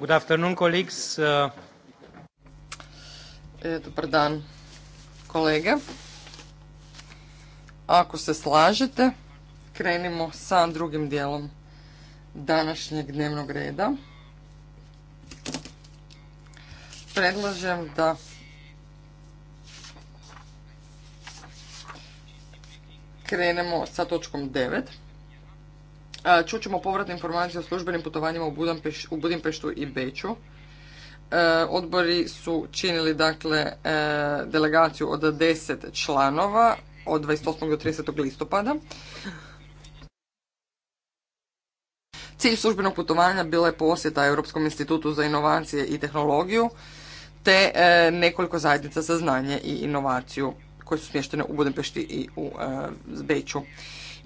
Good afternoon, uh, e, Dobar dan, kolege. Ako se slažete, krenimo sa drugim dijelom današnjeg dnevnog reda. Predlažem da krenemo sa točkom 9. Čućemo povratne informacije o službenim putovanjima u Budimpeštu i Beću. E, odbori su činili dakle e, delegaciju od 10 članova od 28. do 30. listopada. Cilj službenog putovanja bila je posjeta Europskom institutu za inovacije i tehnologiju te e, nekoliko zajednica za znanje i inovaciju koje su smještene u Budimpešti i u Beću.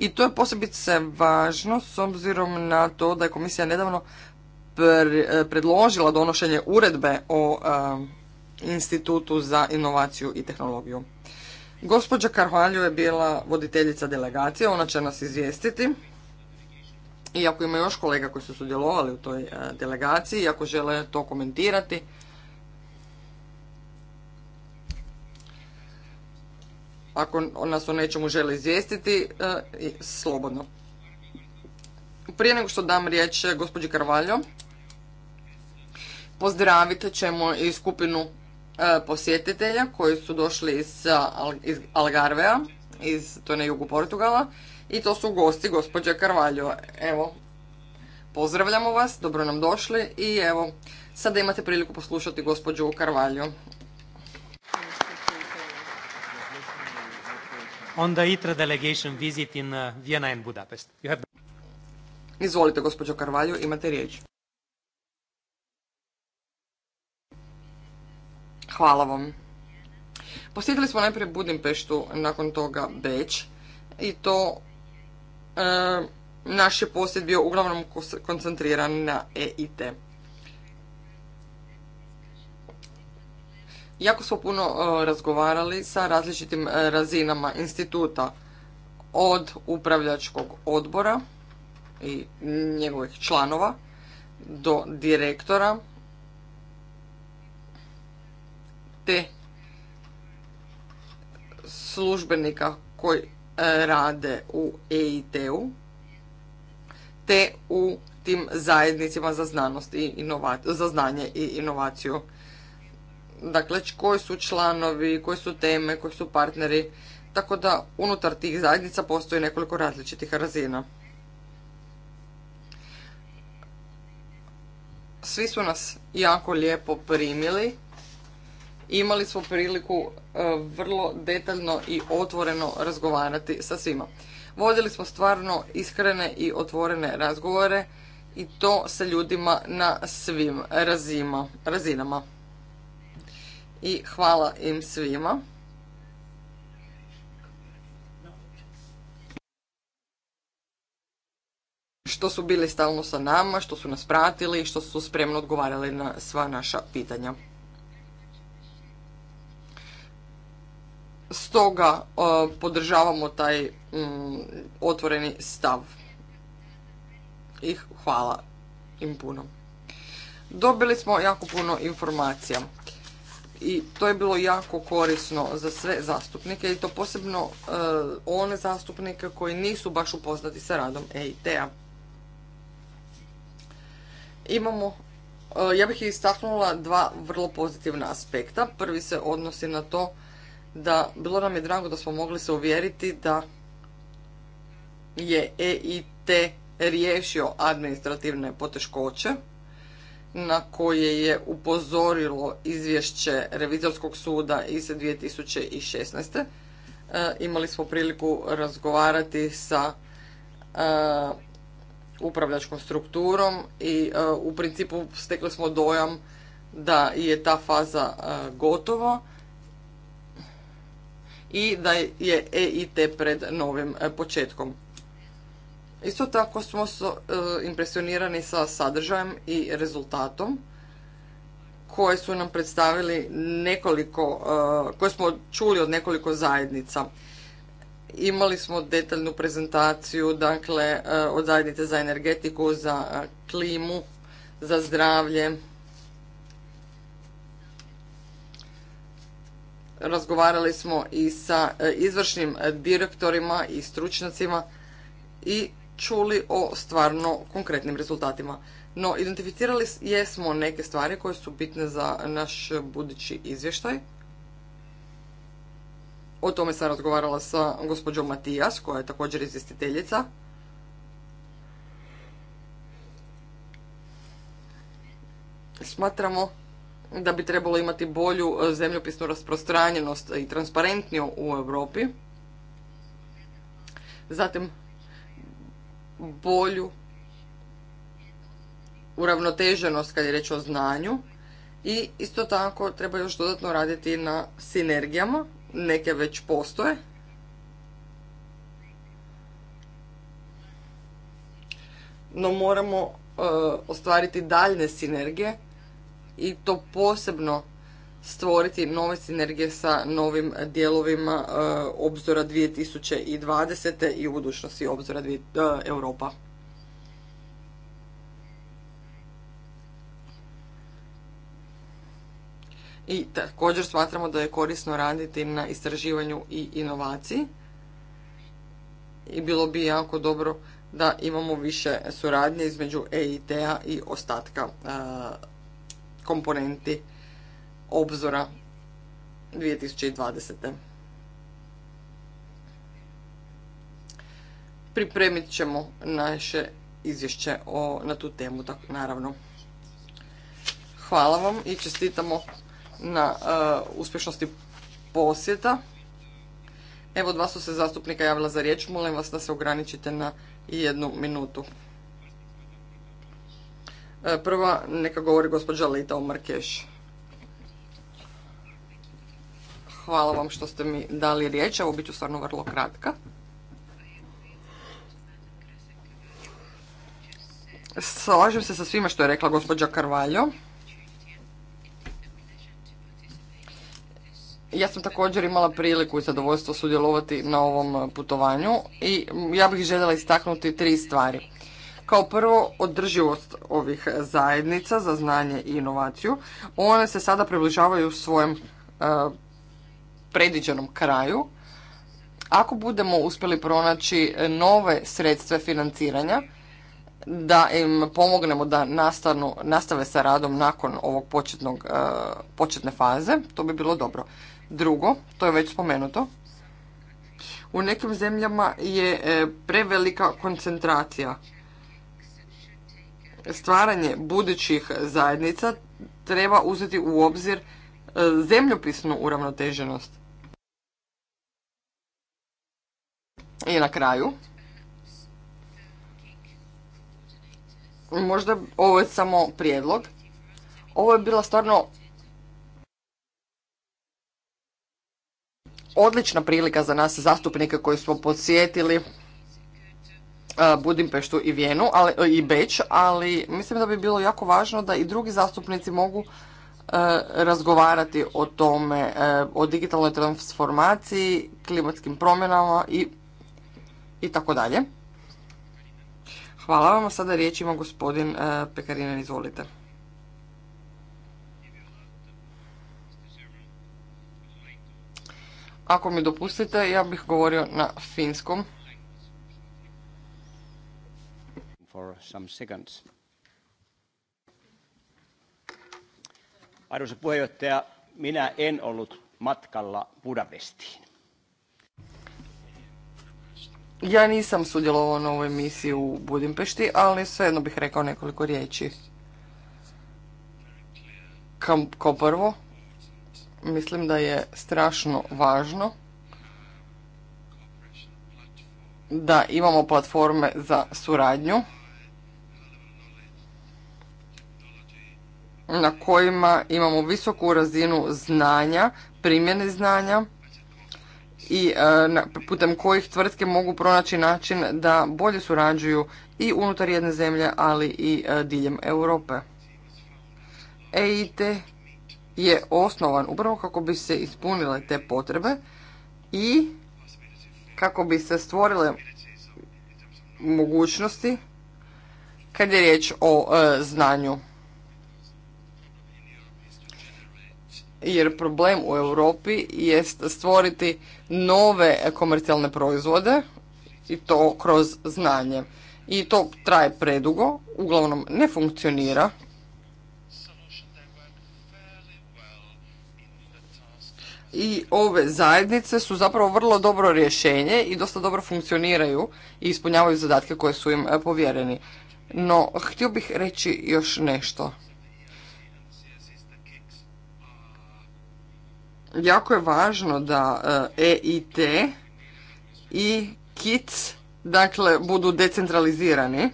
I to je posebice važno s obzirom na to da je komisija nedavno e, predložila donošenje uredbe o e, Institutu za inovaciju i tehnologiju. Gospođa Karvalju je bila voditeljica delegacije, ona će nas izvijestiti. Iako ima još kolega koji su sudjelovali u toj e, delegaciji, ako žele to komentirati, Ako nas o nečemu žele izvijestiti, e, slobodno. Prije nego što dam riječ e, gospođi Karvaljo, pozdravit ćemo i skupinu e, posjetitelja koji su došli iz, Algarvea, iz, to je na jugu Portugala, i to su gosti gospođe Karvaljo. Evo, pozdravljamo vas, dobro nam došli i evo, sada imate priliku poslušati gospođu Karvaljo. on the ITRA delegation visit in uh, Vienna and Budapest. Izvolite, gospođo Karvalju, imate riječ. Hvala vam. Posjetili smo najprije Budimpeštu, nakon toga Beč i to e, naš je posjet bio uglavnom koncentriran na EIT. Jako smo puno e, razgovarali sa različitim e, razinama instituta od upravljačkog odbora i njegovih članova do direktora te službenika koji e, rade u EIT-u te u tim zajednicima za znanost za znanje i inovaciju dakle koji su članovi, koje su teme, koji su partneri, tako da unutar tih zajednica postoji nekoliko različitih razina. Svi su nas jako lijepo primili. Imali smo priliku e, vrlo detaljno i otvoreno razgovarati sa svima. Vodili smo stvarno iskrene i otvorene razgovore i to sa ljudima na svim razinama i hvala im svima. što su bili stalno sa nama, što su nas pratili i što su spremno odgovarali na sva naša pitanja. Stoga e, podržavamo taj mm, otvoreni stav. I hvala im puno. Dobili smo jako puno informacija i to je bilo jako korisno za sve zastupnike i to posebno e, one zastupnike koji nisu baš upoznati sa radom EIT-a. Imamo, e, ja bih istaknula dva vrlo pozitivna aspekta. Prvi se odnosi na to da bilo nam je drago da smo mogli se uvjeriti da je EIT riješio administrativne poteškoće na koje je upozorilo izvješće Revizorskog suda iz 2016. E, imali smo priliku razgovarati sa e, upravljačkom strukturom i e, u principu stekli smo dojam da je ta faza gotova i da je EIT pred novim početkom. Isto tako smo e, impresionirani sa sadržajem i rezultatom koje su nam predstavili nekoliko, e, koje smo čuli od nekoliko zajednica. Imali smo detaljnu prezentaciju dakle, e, od zajednice za energetiku, za klimu, za zdravlje. Razgovarali smo i sa izvršnim direktorima i stručnjacima i čuli o stvarno konkretnim rezultatima. No, identificirali jesmo neke stvari koje su bitne za naš budući izvještaj. O tome sam razgovarala sa gospođom Matijas, koja je također izvjestiteljica. Smatramo da bi trebalo imati bolju e, zemljopisnu rasprostranjenost i transparentniju u Europi. Zatim, bolju uravnoteženost kad je reč o znanju i isto tako treba još dodatno raditi na sinergijama, neke već postoje. No moramo e, ostvariti daljne sinergije i to posebno stvoriti nove sinergije sa novim dijelovima e, obzora 2020. i u budućnosti obzora e, Europa. I također smatramo da je korisno raditi na istraživanju i inovaciji. I bilo bi jako dobro da imamo više suradnje između EIT-a i ostatka e, komponenti obzora 2020. Pripremit ćemo naše izvješće o, na tu temu, tako, naravno. Hvala vam i čestitamo na e, uspješnosti posjeta. Evo dva su se zastupnika javila za riječ, molim vas da se ograničite na jednu minutu. E, prva neka govori gospođa Lita o Markeš. Hvala vam što ste mi dali riječ, Ovo bit ću stvarno vrlo kratka. Slažem se sa svima što je rekla gospođa Karvaljo. Ja sam također imala priliku i zadovoljstvo sudjelovati na ovom putovanju i ja bih željela istaknuti tri stvari. Kao prvo, održivost ovih zajednica za znanje i inovaciju. One se sada približavaju svojem e, predviđenom kraju, ako budemo uspjeli pronaći e, nove sredstve financiranja, da im pomognemo da nastanu, nastave sa radom nakon ovog početnog, e, početne faze, to bi bilo dobro. Drugo, to je već spomenuto, u nekim zemljama je e, prevelika koncentracija. Stvaranje budućih zajednica treba uzeti u obzir zemljopisnu uravnoteženost. I na kraju, možda ovo je samo prijedlog, ovo je bila stvarno odlična prilika za nas zastupnike koji smo podsjetili e, Budimpeštu i Vijenu ali, e, i Beč, ali mislim da bi bilo jako važno da i drugi zastupnici mogu e, razgovarati o tome, o digitalnoj transformaciji, klimatskim promjenama i i tako dalje. Hvala vam, sada riječ ima gospodin e, Pekarinen, izvolite. Ako mi dopustite, ja bih govorio na finskom. For some seconds. Arvoisa puheenjohtaja, minä en ollut matkalla Budapestiin. Ja nisam sudjelovao na ovoj emisiji u Budimpešti, ali svejedno bih rekao nekoliko riječi. Kao, kao prvo, mislim da je strašno važno da imamo platforme za suradnju na kojima imamo visoku razinu znanja, primjene znanja, i e, putem kojih tvrtke mogu pronaći način da bolje surađuju i unutar jedne zemlje, ali i e, diljem Europe. EIT je osnovan upravo kako bi se ispunile te potrebe i kako bi se stvorile mogućnosti kad je riječ o e, znanju jer problem u Europi jest stvoriti nove komercijalne proizvode i to kroz znanje. I to traje predugo, uglavnom ne funkcionira. I ove zajednice su zapravo vrlo dobro rješenje i dosta dobro funkcioniraju i ispunjavaju zadatke koje su im e, povjereni. No, htio bih reći još nešto. jako je važno da EIT e i KIC dakle budu decentralizirani. E,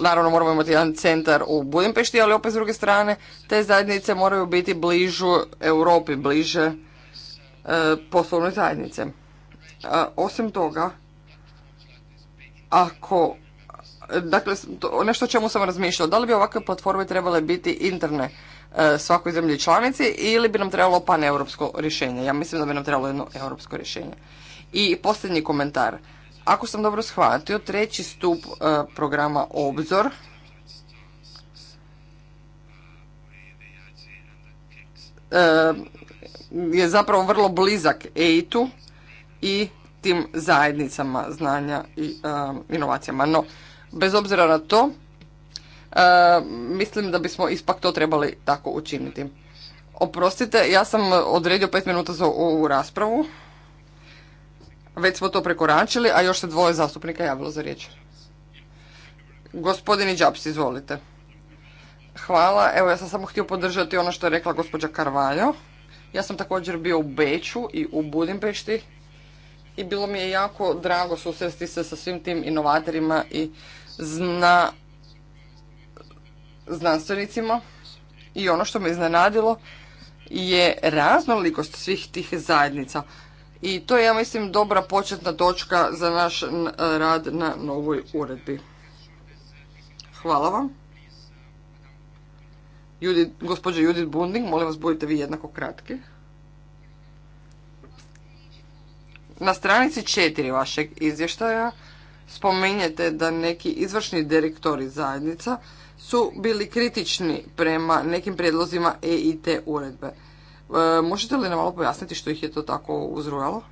naravno moramo imati jedan centar u Budimpešti, ali opet s druge strane te zajednice moraju biti bližu Europi, bliže e, poslovne zajednice. Osim toga, ako dakle, nešto o čemu sam razmišljala, da li bi ovakve platforme trebale biti interne? E, svakoj zemlji članici ili bi nam trebalo paneuropsko rješenje. Ja mislim da bi nam trebalo jedno europsko rješenje. I posljednji komentar. Ako sam dobro shvatio, treći stup e, programa Obzor e, je zapravo vrlo blizak EIT-u i tim zajednicama znanja i inovacijama. No, bez obzira na to, E, mislim da bismo ispak to trebali tako učiniti. Oprostite, ja sam odredio pet minuta za ovu raspravu. Već smo to prekoračili, a još se dvoje zastupnika javilo za riječ. Gospodini Đaps, izvolite. Hvala. Evo, ja sam samo htio podržati ono što je rekla gospođa Karvaljo. Ja sam također bio u Beću i u Budimpešti i bilo mi je jako drago susresti se sa svim tim inovatorima i zna znanstvenicima i ono što me iznenadilo je raznolikost svih tih zajednica. I to je, ja mislim, dobra početna točka za naš rad na novoj uredbi. Hvala vam. Gospodin Bunding, molim vas, budite vi jednako kratki. Na stranici četiri vašeg izvještaja spominjete da neki izvršni direktori zajednica su bili kritični prema nekim prijedlozima EIT uredbe. E, možete li nam malo pojasniti što ih je to tako uzrujalo?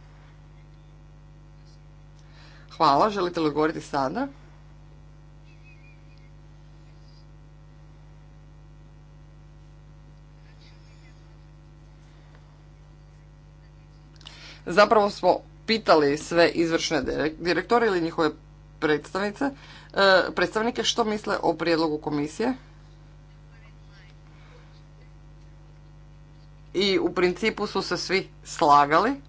Hvala, želite li odgovoriti sada? Zapravo smo pitali sve izvršne direktore ili njihove predstavnice E, predstavnike što misle o prijedlogu komisije. I u principu su se svi slagali.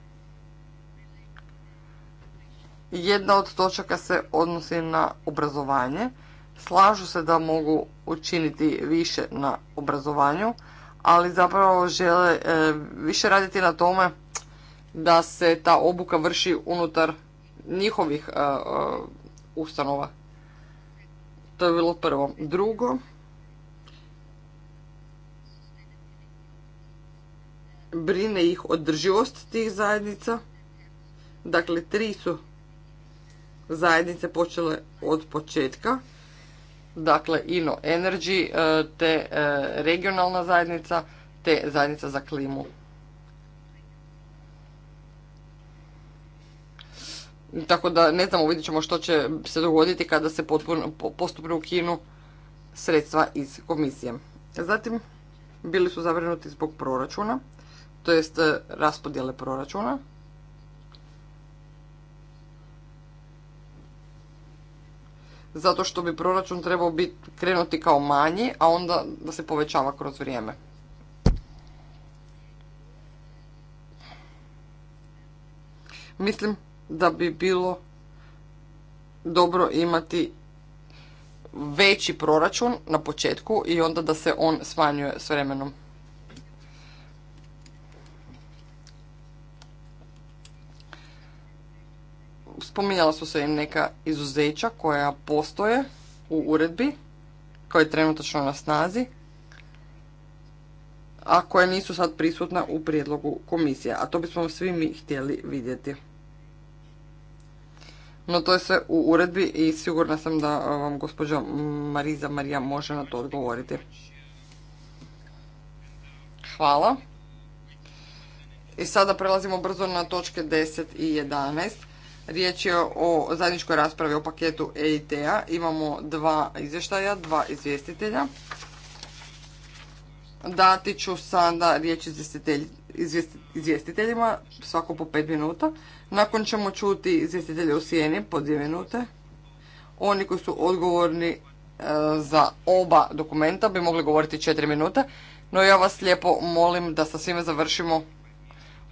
Jedna od točaka se odnosi na obrazovanje. Slažu se da mogu učiniti više na obrazovanju, ali zapravo žele e, više raditi na tome da se ta obuka vrši unutar njihovih e, ustanova. To je bilo prvo. Drugo, brine ih održivost tih zajednica. Dakle, tri su zajednice počele od početka. Dakle, Ino Energy, e, te e, regionalna zajednica, te zajednica za klimu. Tako da ne znamo, vidjet ćemo što će se dogoditi kada se postupno ukinu sredstva iz komisije. Zatim, bili su zavrnuti zbog proračuna, to jest e, raspodjele proračuna. Zato što bi proračun trebao biti, krenuti kao manji, a onda da se povećava kroz vrijeme. Mislim da bi bilo dobro imati veći proračun na početku i onda da se on smanjuje s vremenom. Spominjala su se i neka izuzeća koja postoje u uredbi, koja je trenutačno na snazi, a koja nisu sad prisutna u prijedlogu komisije, a to bismo svi mi htjeli vidjeti. No to je sve u uredbi i sigurna sam da e, vam gospođa Mariza Marija može na to odgovoriti. Hvala. I sada prelazimo brzo na točke 10 i 11. Riječ je o zajedničkoj raspravi o paketu EIT-a. Imamo dva izvještaja, dva izvjestitelja. Dati ću sada riječ izvjestiteljima, svako po pet minuta. Nakon ćemo čuti izvjestitelje u sjeni po dvije minute. Oni koji su odgovorni e, za oba dokumenta bi mogli govoriti četiri minute, no ja vas lijepo molim da sa svime završimo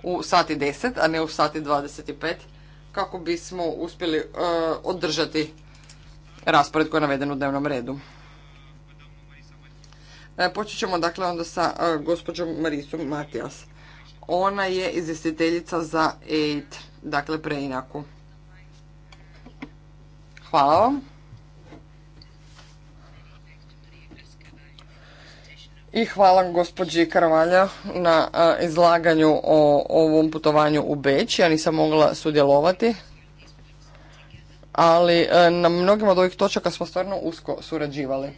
u sati 10, a ne u sati 25, kako bismo uspjeli e, održati raspored koji je naveden u dnevnom redu. E, počet ćemo dakle onda sa e, gospođom Marisom Matijas. Ona je izvjestiteljica za EIT, dakle preinaku. Hvala vam. I hvala gospođi Karvalja na e, izlaganju o ovom putovanju u Beć. Ja nisam mogla sudjelovati, ali na mnogim od ovih točaka smo stvarno usko surađivali.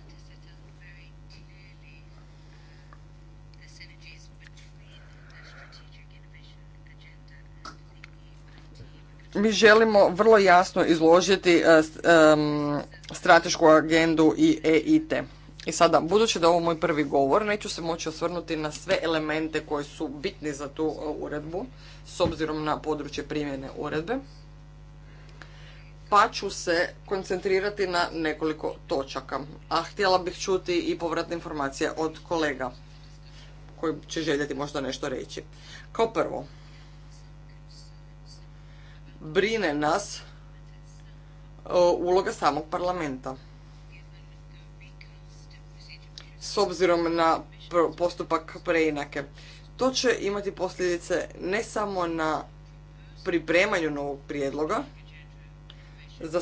mi želimo vrlo jasno izložiti e, stratešku agendu i EIT. I sada, budući da je ovo moj prvi govor, neću se moći osvrnuti na sve elemente koji su bitni za tu e, uredbu, s obzirom na područje primjene uredbe, pa ću se koncentrirati na nekoliko točaka. A htjela bih čuti i povratne informacije od kolega koji će željeti možda nešto reći. Kao prvo, brine nas uloga samog parlamenta. S obzirom na postupak preinake. To će imati posljedice ne samo na pripremanju novog prijedloga za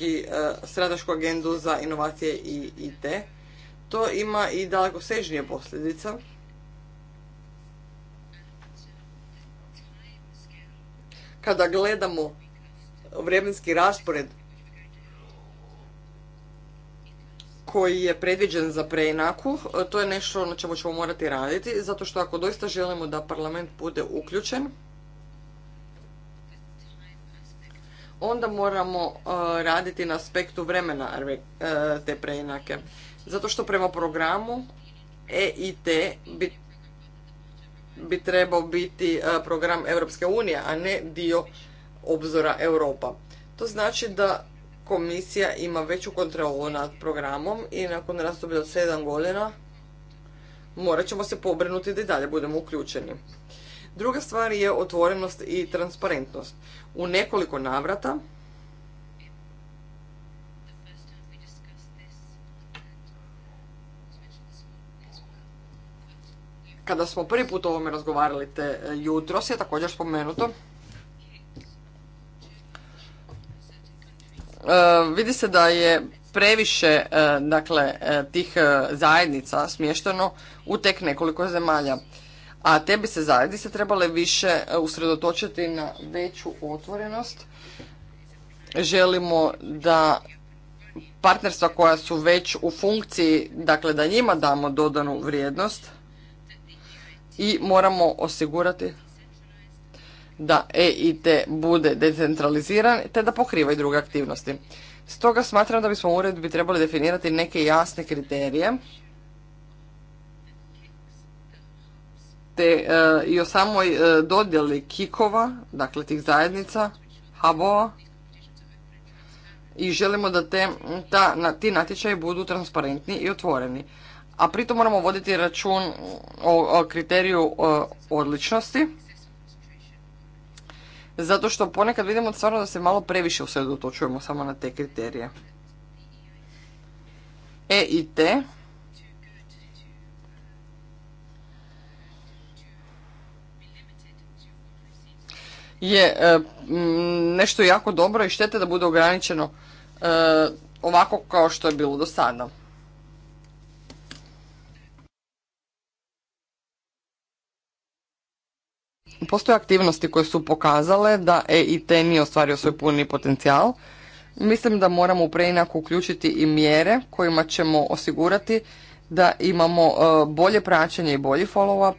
e, stratešku agendu za inovacije i IT, to ima i sežnije posljedice kada gledamo vremenski raspored koji je predviđen za preinaku, to je nešto na čemu ćemo morati raditi, zato što ako doista želimo da parlament bude uključen, onda moramo e, raditi na aspektu vremena e, te preinake. Zato što prema programu EIT bi bi trebao biti e, program Europske unije, a ne dio obzora Europa. To znači da komisija ima veću kontrolu nad programom i nakon razdoblja od sedam godina morat ćemo se pobrinuti da i dalje budemo uključeni. Druga stvar je otvorenost i transparentnost. U nekoliko navrata kada smo prvi put o ovome razgovarali te e, jutros je također spomenuto e, vidi se da je previše e, dakle tih zajednica smješteno u tek nekoliko zemalja a te bi se zajednice trebale više usredotočiti na veću otvorenost želimo da partnerstva koja su već u funkciji dakle da njima damo dodanu vrijednost i moramo osigurati da EIT bude decentraliziran te da pokriva i druge aktivnosti. Stoga smatram da bismo u uredbi trebali definirati neke jasne kriterije te e, i o samoj e, dodjeli kikova, dakle tih zajednica, hubova i želimo da te, ta, ti natječaji budu transparentni i otvoreni a pritom moramo voditi račun o, kriteriju e, odličnosti. Zato što ponekad vidimo stvarno da se malo previše usredotočujemo samo na te kriterije. E i T. je e, nešto jako dobro i štete da bude ograničeno e, ovako kao što je bilo do sada. postoje aktivnosti koje su pokazale da EIT nije ostvario svoj puni potencijal. Mislim da moramo u preinaku uključiti i mjere kojima ćemo osigurati da imamo e, bolje praćenje i bolji follow-up,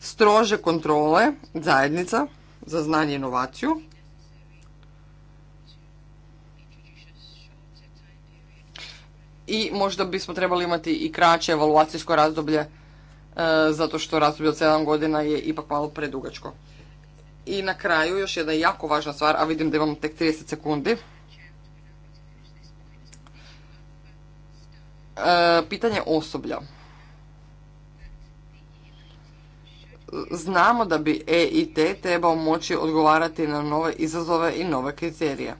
strože kontrole zajednica za znanje i inovaciju, i možda bismo trebali imati i kraće evaluacijsko razdoblje E, zato što razdoblje od 7 godina je ipak malo predugačko. I na kraju još jedna jako važna stvar, a vidim da imamo tek 30 sekundi. E, pitanje osoblja. Znamo da bi EIT trebao moći odgovarati na nove izazove i nove kriterije.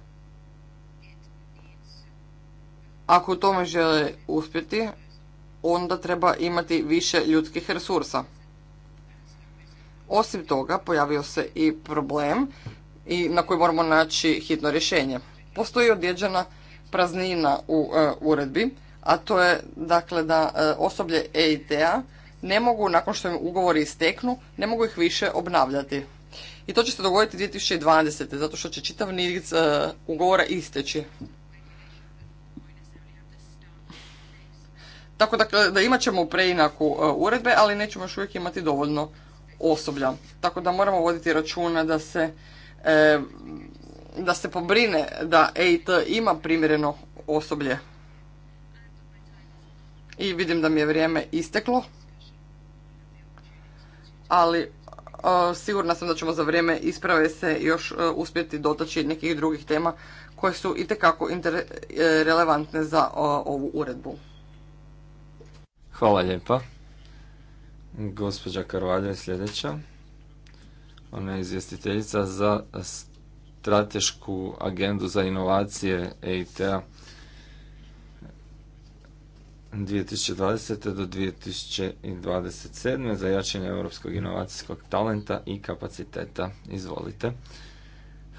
Ako u tome žele uspjeti, onda treba imati više ljudskih resursa. Osim toga, pojavio se i problem i na koji moramo naći hitno rješenje. Postoji odjeđena praznina u e, uredbi, a to je dakle da e, osoblje EIT-a ne mogu, nakon što im ugovori isteknu, ne mogu ih više obnavljati. I to će se dogoditi 2020. zato što će čitav niz e, ugovora isteći. Tako da imat ćemo preinaku e, uredbe, ali nećemo još uvijek imati dovoljno osoblja. Tako da moramo voditi računa da se, e, da se pobrine da EIT ima primjereno osoblje. I vidim da mi je vrijeme isteklo. Ali e, sigurna sam da ćemo za vrijeme isprave se još uspjeti dotaći nekih drugih tema koje su itekako relevantne za ovu uredbu. Hvala lijepa. Gospođa Karvalja je sljedeća. Ona je izvjestiteljica za stratešku agendu za inovacije EIT-a 2020. do 2027. za jačanje europskog inovacijskog talenta i kapaciteta. Izvolite.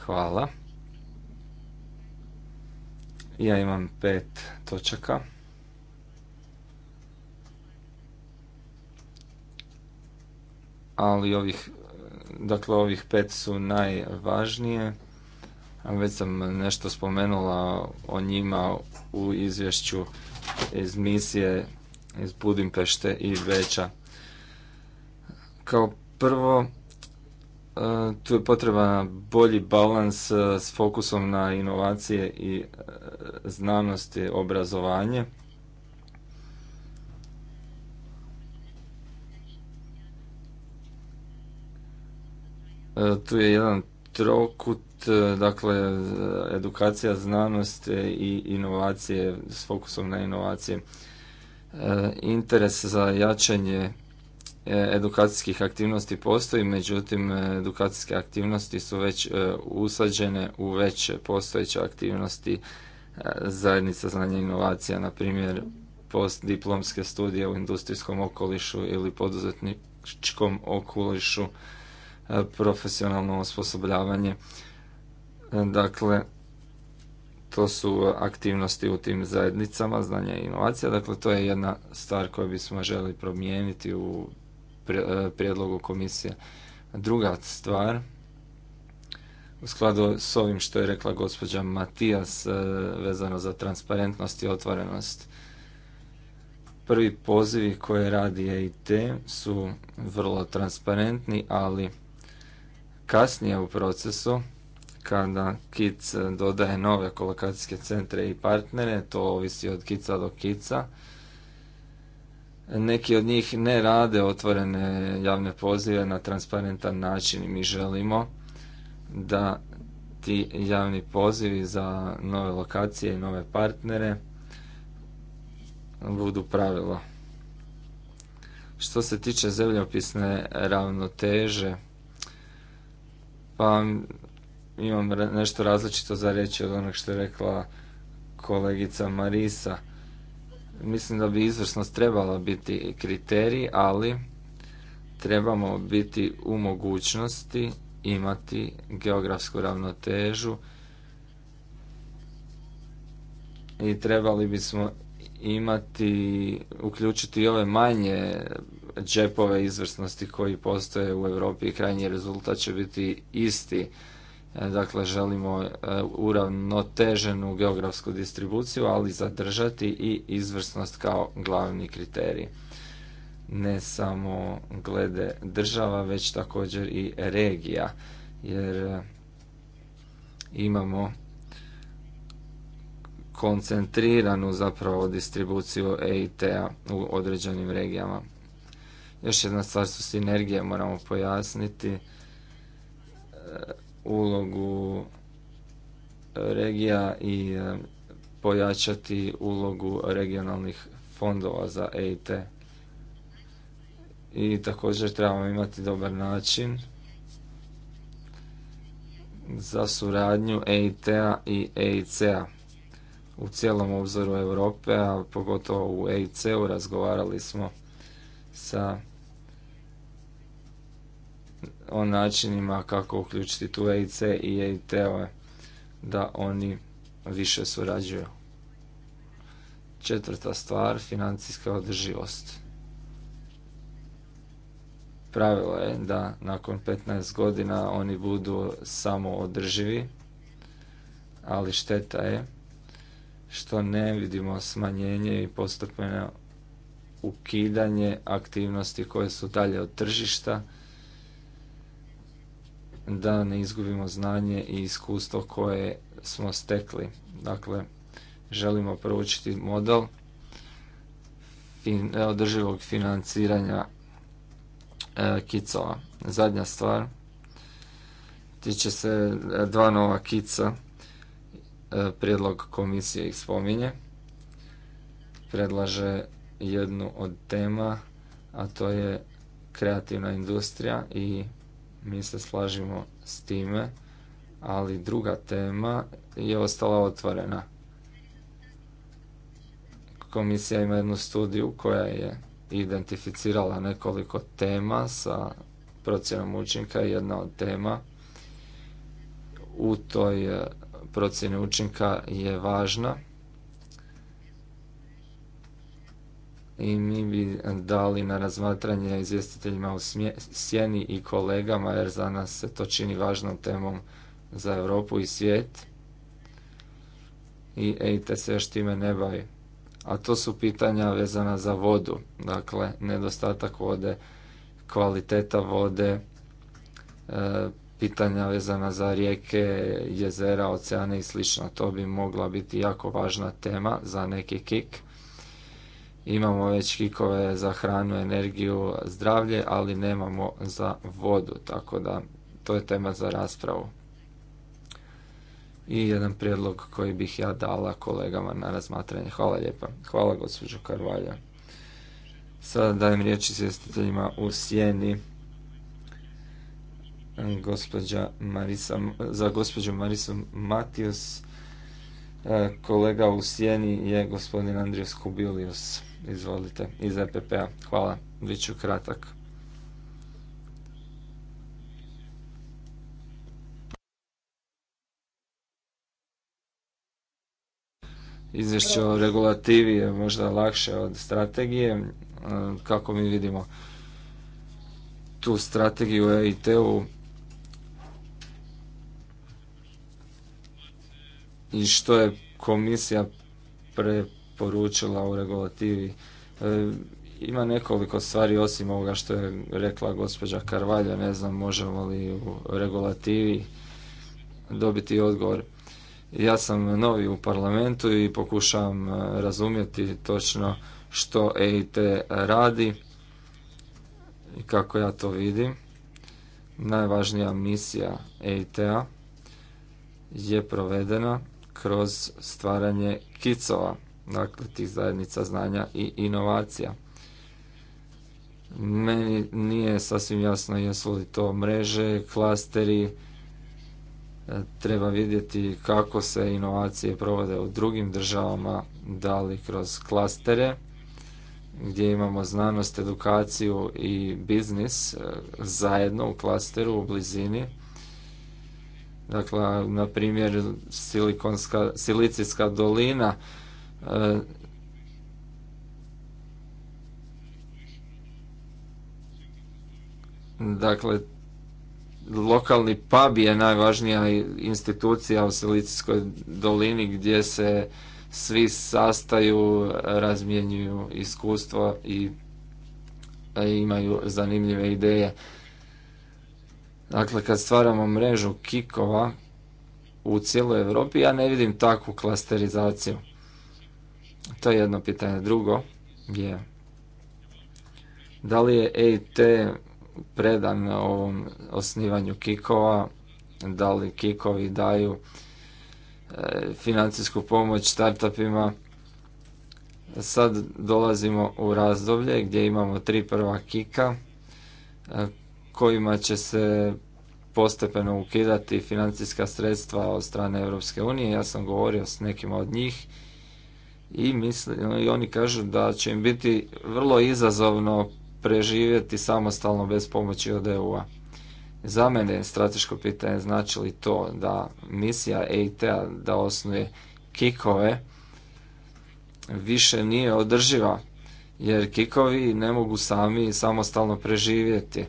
Hvala. Ja imam pet točaka. ali ovih, dakle ovih pet su najvažnije. Već sam nešto spomenula o njima u izvješću iz misije iz Budimpešte i Veća. Kao prvo, e, tu je potreban bolji balans e, s fokusom na inovacije i e, znanosti, obrazovanje. E, tu je jedan trokut, e, dakle edukacija, znanost e, i inovacije s fokusom na inovacije. Interes za jačanje edukacijskih aktivnosti postoji, međutim edukacijske aktivnosti su već usađene u veće postojeće aktivnosti zajednica znanja i inovacija, na primjer postdiplomske studije u industrijskom okolišu ili poduzetničkom okolišu E, profesionalno osposobljavanje. E, dakle, to su aktivnosti u tim zajednicama, znanja i inovacija. Dakle, to je jedna stvar koju bismo želi promijeniti u e, prijedlogu komisije. Druga stvar, u skladu s ovim što je rekla gospođa Matijas vezano za transparentnost i otvorenost, prvi pozivi koje radi EIT su vrlo transparentni, ali kasnije u procesu kada KIC dodaje nove kolokacijske centre i partnere, to ovisi od KICA do KICA. Neki od njih ne rade otvorene javne pozive na transparentan način i mi želimo da ti javni pozivi za nove lokacije i nove partnere budu pravilo. Što se tiče zemljopisne ravnoteže, pa imam nešto različito za reći od onog što je rekla kolegica Marisa. Mislim da bi izvrsnost trebala biti kriterij, ali trebamo biti u mogućnosti imati geografsku ravnotežu i trebali bismo imati, uključiti i ove manje džepove izvrsnosti koji postoje u Europi i krajnji rezultat će biti isti. E, dakle, želimo e, uravnoteženu geografsku distribuciju, ali zadržati i izvrsnost kao glavni kriterij. Ne samo glede država, već također i regija, jer e, imamo koncentriranu zapravo distribuciju EIT-a u određenim regijama. Još jedna stvar su sinergije, moramo pojasniti e, ulogu e, regija i e, pojačati ulogu regionalnih fondova za EIT. I također trebamo imati dobar način za suradnju EIT-a i EIC-a. U cijelom obzoru Europe, a pogotovo u EIC-u razgovarali smo sa o načinima kako uključiti tu EIC i eit da oni više surađuju. Četvrta stvar, financijska održivost. Pravilo je da nakon 15 godina oni budu samo održivi, ali šteta je što ne vidimo smanjenje i postupno ukidanje aktivnosti koje su dalje od tržišta, da ne izgubimo znanje i iskustvo koje smo stekli. Dakle, želimo proučiti model fin e, održivog financiranja e, kicova. Zadnja stvar tiče se e, dva nova kica. prijedlog komisije ih spominje. Predlaže jednu od tema, a to je kreativna industrija i mi se slažimo s time, ali druga tema je ostala otvorena. Komisija ima jednu studiju koja je identificirala nekoliko tema sa procjenom učinka. Jedna od tema u toj eh, procjeni učinka je važna i mi bi dali na razmatranje izvjestiteljima u sjeni i kolegama jer za nas se to čini važnom temom za Europu i svijet i EIT se još time ne bavi. A to su pitanja vezana za vodu, dakle nedostatak vode, kvaliteta vode, e, pitanja vezana za rijeke, jezera, oceane i sl. To bi mogla biti jako važna tema za neki kik Imamo već kikove za hranu, energiju, zdravlje, ali nemamo za vodu, tako da to je tema za raspravu. I jedan prijedlog koji bih ja dala kolegama na razmatranje. Hvala lijepa. Hvala gospođo Karvalja. Sada dajem riječ izvjestiteljima u sjeni. Gospođa Marisa, za gospođu Marisu Matius. E, kolega u sjeni je gospodin Andrijos Kubilius izvolite, iz EPP-a. Hvala, bit ću kratak. Izvješće o regulativi je možda lakše od strategije, e, kako mi vidimo tu strategiju EIT-u i što je komisija pre poručila u regulativi. E, ima nekoliko stvari osim ovoga što je rekla gospođa Karvalja, ne znam možemo li u regulativi dobiti odgovor. Ja sam novi u parlamentu i pokušavam e, razumjeti točno što EIT radi i kako ja to vidim. Najvažnija misija EIT-a je provedena kroz stvaranje kicova dakle, tih zajednica znanja i inovacija. Meni nije sasvim jasno jesu li to mreže, klasteri, e, treba vidjeti kako se inovacije provode u drugim državama, da li kroz klastere, gdje imamo znanost, edukaciju i biznis e, zajedno u klasteru u blizini. Dakle, na primjer, Silicijska dolina E, dakle, lokalni pub je najvažnija institucija u Silicijskoj dolini gdje se svi sastaju, razmjenjuju iskustva i e, imaju zanimljive ideje. Dakle, kad stvaramo mrežu kikova u cijeloj Europi, ja ne vidim takvu klasterizaciju. To je jedno pitanje. Drugo je da li je EIT predan ovom osnivanju kikova, da li kikovi daju e, financijsku pomoć startupima. Sad dolazimo u razdoblje gdje imamo tri prva kika e, kojima će se postepeno ukidati financijska sredstva od strane Europske unije. Ja sam govorio s nekima od njih i, misli, i oni kažu da će im biti vrlo izazovno preživjeti samostalno bez pomoći od EU-a. Za mene strateško pitanje znači li to da misija EIT-a da osnuje kikove više nije održiva jer kikovi ne mogu sami samostalno preživjeti.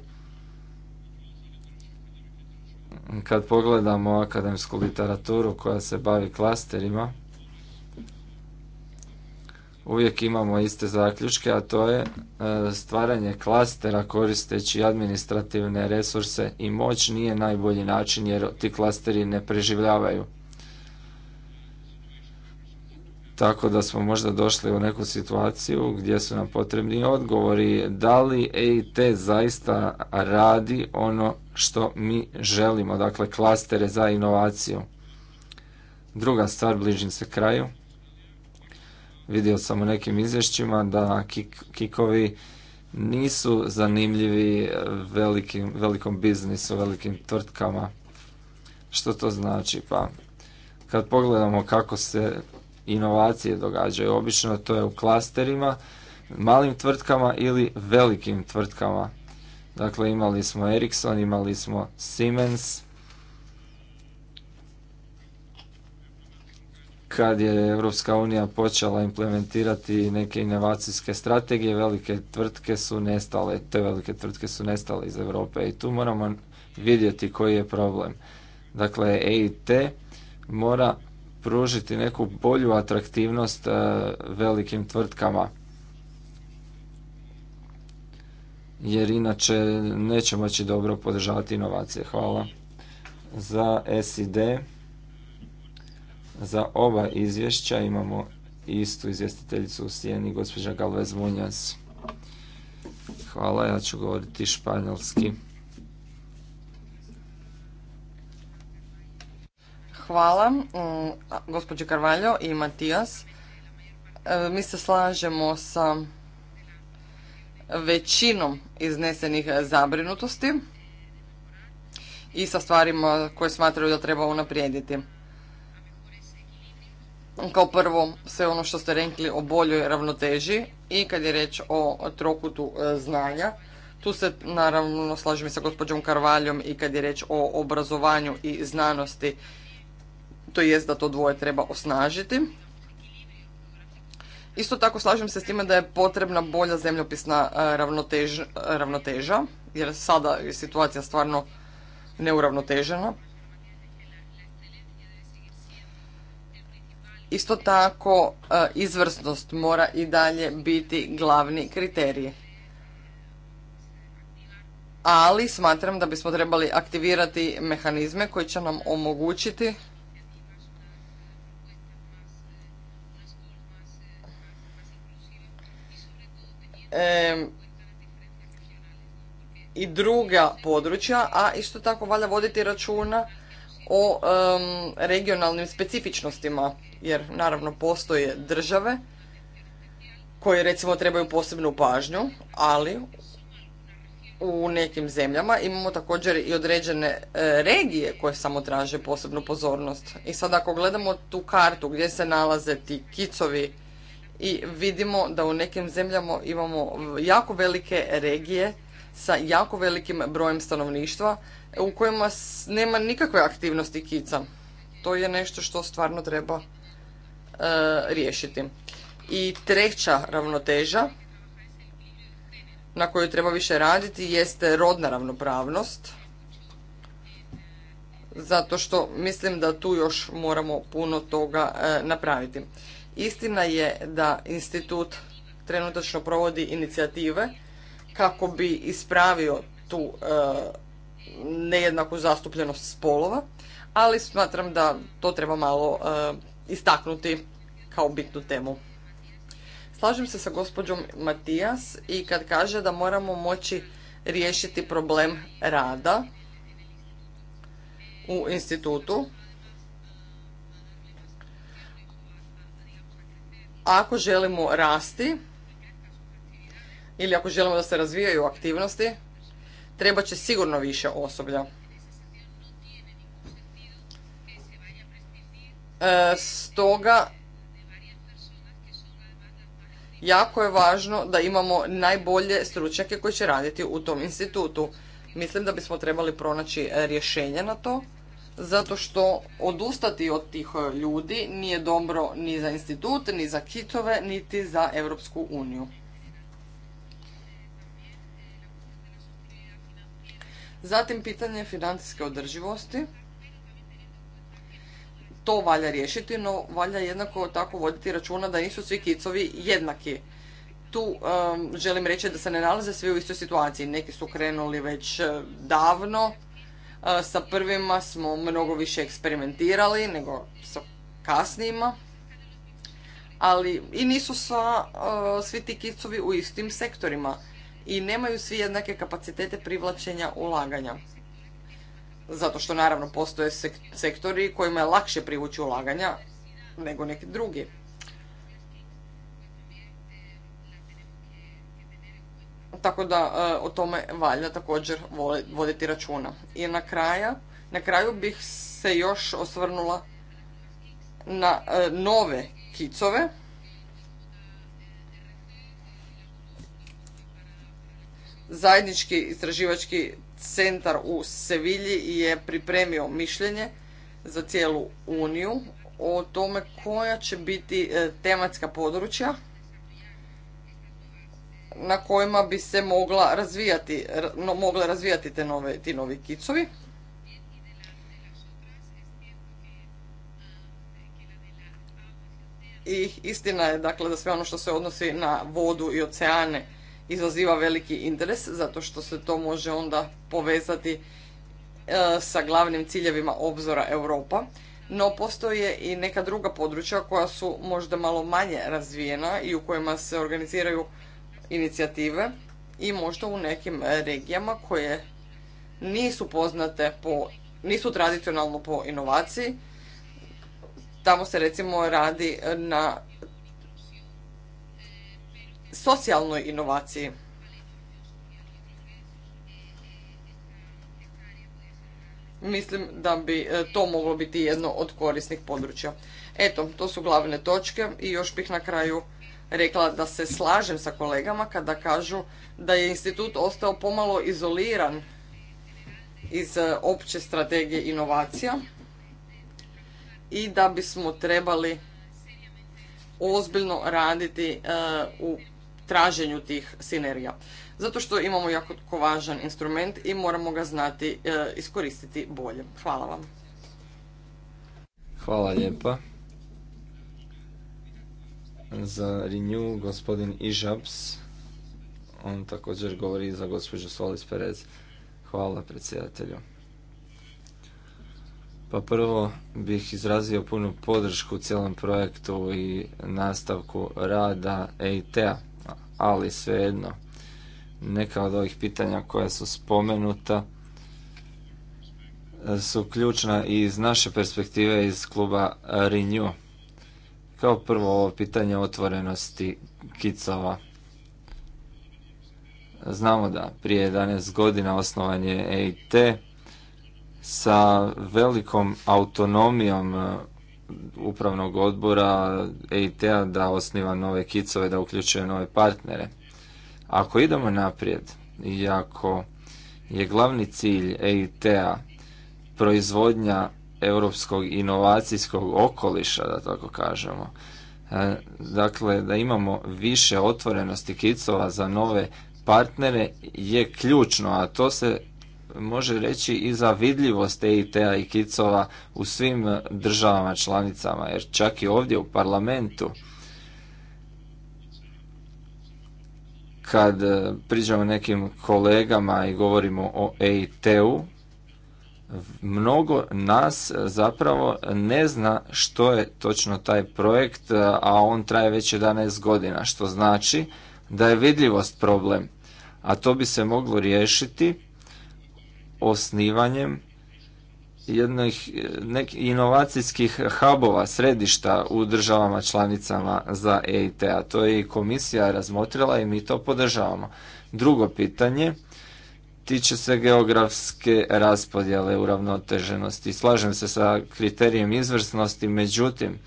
Kad pogledamo akademsku literaturu koja se bavi klasterima, uvijek imamo iste zaključke, a to je e, stvaranje klastera koristeći administrativne resurse i moć nije najbolji način jer ti klasteri ne preživljavaju. Tako da smo možda došli u neku situaciju gdje su nam potrebni odgovori da li EIT zaista radi ono što mi želimo, dakle klastere za inovaciju. Druga stvar, bližim se kraju. Vidio sam u nekim izvješćima da kik, kikovi nisu zanimljivi eh, velikim, velikom biznisu, velikim tvrtkama. Što to znači? Pa kad pogledamo kako se inovacije događaju, obično to je u klasterima, malim tvrtkama ili velikim tvrtkama. Dakle, imali smo Ericsson, imali smo Siemens, kad je Europska unija počela implementirati neke inovacijske strategije, velike tvrtke su nestale, te velike tvrtke su nestale iz Europe i tu moramo vidjeti koji je problem. Dakle, EIT mora pružiti neku bolju atraktivnost e, velikim tvrtkama. Jer inače neće moći dobro podržavati inovacije. Hvala. Za SID za ova izvješća imamo istu izvjestiteljicu u sjeni, gospođa Galvez Munjas. Hvala, ja ću govoriti španjolski. Hvala, mm, gospođe Carvalho i Matijas. E, mi se slažemo sa većinom iznesenih zabrinutosti i sa stvarima koje smatraju da treba unaprijediti. Kao prvo, sve ono što ste rekli o boljoj ravnoteži i kad je reč o trokutu e, znanja, tu se naravno slažem i sa gospođom Karvaljom i kad je reč o obrazovanju i znanosti, to jest da to dvoje treba osnažiti. Isto tako slažem se s time da je potrebna bolja zemljopisna e, ravnoteža, jer sada je situacija stvarno neuravnotežena. Isto tako e, izvrsnost mora i dalje biti glavni kriterij. Ali smatram da bismo trebali aktivirati mehanizme koji će nam omogućiti i druga područja, a isto tako valja voditi računa o regionalnim specifičnostima jer naravno postoje države koje recimo trebaju posebnu pažnju, ali u nekim zemljama imamo također i određene e, regije koje samo traže posebnu pozornost. I sad ako gledamo tu kartu gdje se nalaze ti kicovi i vidimo da u nekim zemljama imamo jako velike regije sa jako velikim brojem stanovništva u kojima nema nikakve aktivnosti kica. To je nešto što stvarno treba e, riješiti. I treća ravnoteža na koju treba više raditi jeste rodna ravnopravnost. Zato što mislim da tu još moramo puno toga e, napraviti. Istina je da institut trenutačno provodi inicijative kako bi ispravio tu e, nejednaku zastupljenost spolova, ali smatram da to treba malo e, istaknuti kao bitnu temu. Slažem se sa gospođom Matijas i kad kaže da moramo moći riješiti problem rada u institutu. Ako želimo rasti ili ako želimo da se razvijaju aktivnosti, Treba će sigurno više osoblja. E, stoga jako je važno da imamo najbolje stručnjake koji će raditi u tom institutu. Mislim da bismo trebali pronaći rješenje na to, zato što odustati od tih e, ljudi nije dobro ni za institut, ni za kitove, niti za Europsku uniju. Zatim pitanje financijske održivosti. To valja riješiti, no valja jednako tako voditi računa da nisu svi kicovi jednaki. Tu um, želim reći da se ne nalaze svi u istoj situaciji. Neki su krenuli već uh, davno, uh, sa prvima smo mnogo više eksperimentirali nego sa kasnijima. Ali i nisu uh, svi ti kicovi u istim sektorima i nemaju svi jednake kapacitete privlačenja ulaganja. Zato što naravno postoje sektori kojima je lakše privući ulaganja nego neki drugi. Tako da e, o tome valja također voditi računa. I na, kraja, na kraju bih se još osvrnula na e, nove kicove Zajednički istraživački centar u Sevilji je pripremio mišljenje za cijelu Uniju o tome koja će biti e, tematska područja na kojima bi se mogla razvijati, mogle razvijati te nove, ti novi kicovi. I istina je dakle da sve ono što se odnosi na vodu i oceane izaziva veliki interes zato što se to može onda povezati e, sa glavnim ciljevima obzora Europa. No postoje i neka druga područja koja su možda malo manje razvijena i u kojima se organiziraju inicijative i možda u nekim e, regijama koje nisu poznate po, nisu tradicionalno po inovaciji. Tamo se recimo radi e, na socijalnoj inovaciji. Mislim da bi e, to moglo biti jedno od korisnih područja. Eto, to su glavne točke i još bih na kraju rekla da se slažem sa kolegama kada kažu da je institut ostao pomalo izoliran iz e, opće strategije inovacija i da bismo trebali ozbiljno raditi e, u traženju tih sinergija. Zato što imamo jako važan instrument i moramo ga znati e, iskoristiti bolje. Hvala vam. Hvala lijepa. Za Renew gospodin Ižaps. On također govori za gospođu Solis Perez. Hvala predsjedatelju. Pa prvo bih izrazio punu podršku cijelom projektu i nastavku rada EIT-a ali svejedno neka od ovih pitanja koja su spomenuta e, su ključna i iz naše perspektive iz kluba Renew. Kao prvo ovo pitanje otvorenosti kicova. Znamo da prije 11 godina osnovan je EIT sa velikom autonomijom e, upravnog odbora EIT-a da osniva nove kicove, da uključuje nove partnere. Ako idemo naprijed i ako je glavni cilj EIT-a proizvodnja europskog inovacijskog okoliša, da tako kažemo, e, dakle da imamo više otvorenosti kicova za nove partnere je ključno, a to se može reći i za vidljivost EIT-a i KICova u svim e, državama članicama, jer čak i ovdje u parlamentu kad e, priđamo nekim kolegama i govorimo o EIT-u, mnogo nas zapravo ne zna što je točno taj projekt, e, a on traje već 11 godina, što znači da je vidljivost problem. A to bi se moglo riješiti osnivanjem jednih inovacijskih hubova, središta u državama članicama za EIT, a to je i komisija razmotrila i mi to podržavamo. Drugo pitanje tiče se geografske raspodjele uravnoteženosti. Slažem se sa kriterijem izvrsnosti, međutim,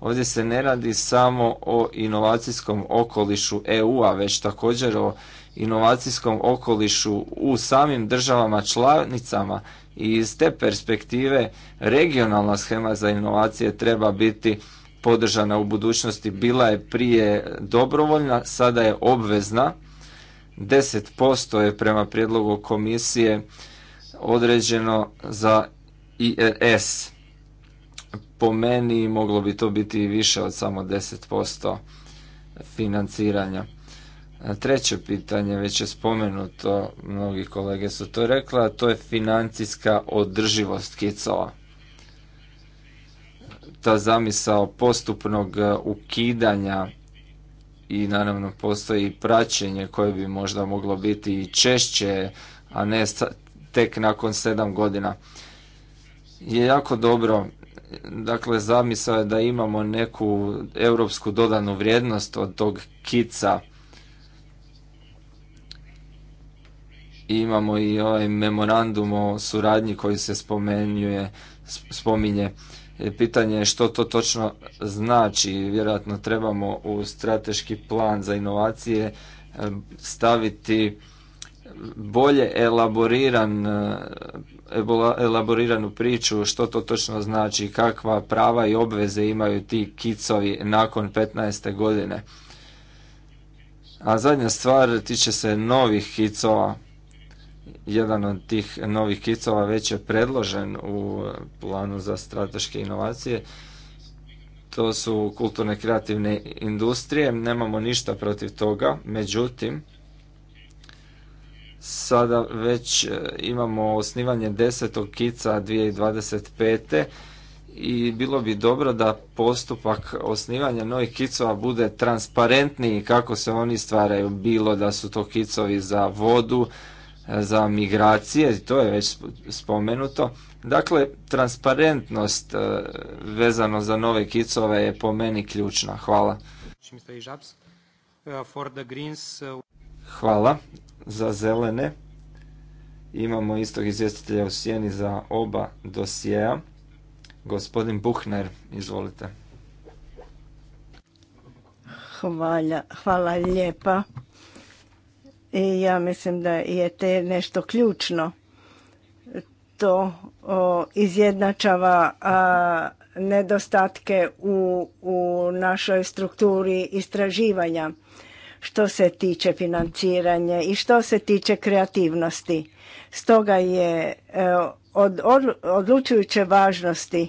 ovdje se ne radi samo o inovacijskom okolišu EU-a, već također o inovacijskom okolišu u samim državama članicama i iz te perspektive regionalna schema za inovacije treba biti podržana u budućnosti. Bila je prije dobrovoljna, sada je obvezna. 10% je prema prijedlogu komisije određeno za IES. Po meni moglo bi to biti i više od samo 10% financiranja. Treće pitanje, već je spomenuto, mnogi kolege su to rekla, a to je financijska održivost kicova. Ta zamisao postupnog e, ukidanja i naravno postoji praćenje koje bi možda moglo biti i češće, a ne tek nakon sedam godina. Je jako dobro dakle zamisao je da imamo neku europsku dodanu vrijednost od tog kica imamo i ovaj memorandum o suradnji koji se spomenjuje, spominje. E, pitanje je što to točno znači. Vjerojatno trebamo u strateški plan za inovacije e, staviti bolje elaboriran, e, elaboriranu priču što to točno znači kakva prava i obveze imaju ti kicovi nakon 15. godine. A zadnja stvar tiče se novih kicova jedan od tih novih kicova već je predložen u planu za strateške inovacije. To su kulturne kreativne industrije, nemamo ništa protiv toga, međutim, sada već e, imamo osnivanje desetog kica 2025. I bilo bi dobro da postupak osnivanja novih kicova bude transparentniji kako se oni stvaraju, bilo da su to kicovi za vodu, za migracije, to je već spomenuto. Dakle, transparentnost e, vezano za nove kicove je po meni ključna. Hvala. E, e, hvala za zelene. Imamo istog izvjestitelja u sjeni za oba dosjeja. Gospodin Buchner, izvolite. Hvala, hvala lijepa. I ja mislim da je te nešto ključno. To izjednačava nedostatke u, u našoj strukturi istraživanja što se tiče financiranja i što se tiče kreativnosti. Stoga je e, od odlučujuće važnosti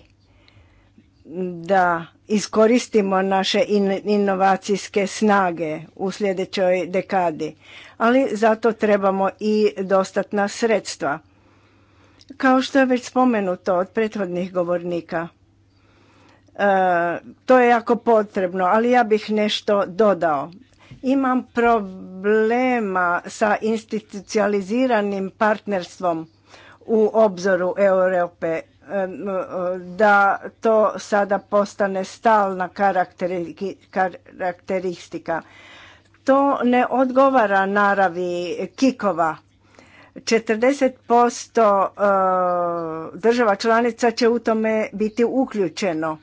da iskoristimo naše inovacijske snage u sljedećoj dekadi ali zato trebamo i dostatna sredstva. Kao što je već spomenuto od prethodnih govornika, e, to je jako potrebno, ali ja bih nešto dodao. Imam problema sa institucionaliziranim partnerstvom u obzoru Europe e, da to sada postane stalna karakteristika to ne odgovara naravi kikova. 40% e, država članica će u tome biti uključeno.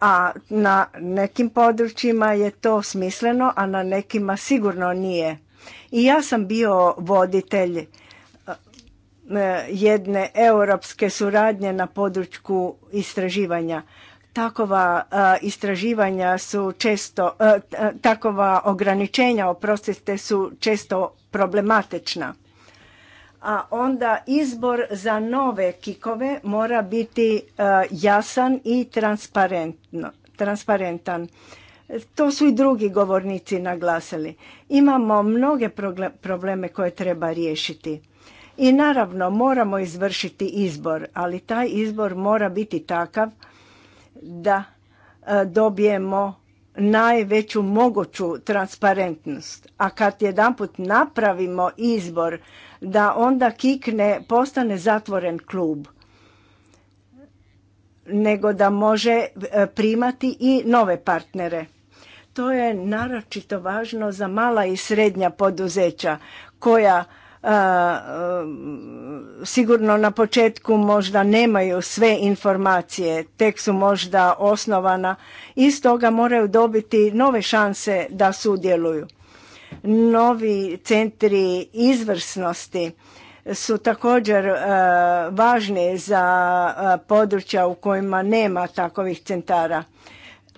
A na nekim područjima je to smisleno, a na nekima sigurno nije. I ja sam bio voditelj e, jedne europske suradnje na području istraživanja. Takova eh, istraživanja su često, eh, takova ograničenja, oprostite, su često problematična. A onda izbor za nove kikove mora biti eh, jasan i transparentan. To su i drugi govornici naglasili. Imamo mnoge probleme koje treba riješiti. I naravno moramo izvršiti izbor, ali taj izbor mora biti takav da e, dobijemo najveću moguću transparentnost. A kad jedanput napravimo izbor da onda kikne postane zatvoren klub nego da može e, primati i nove partnere. To je naročito važno za mala i srednja poduzeća koja E, sigurno na početku možda nemaju sve informacije, tek su možda osnovana i stoga moraju dobiti nove šanse da sudjeluju. Novi centri izvrsnosti su također e, važni za e, područja u kojima nema takovih centara,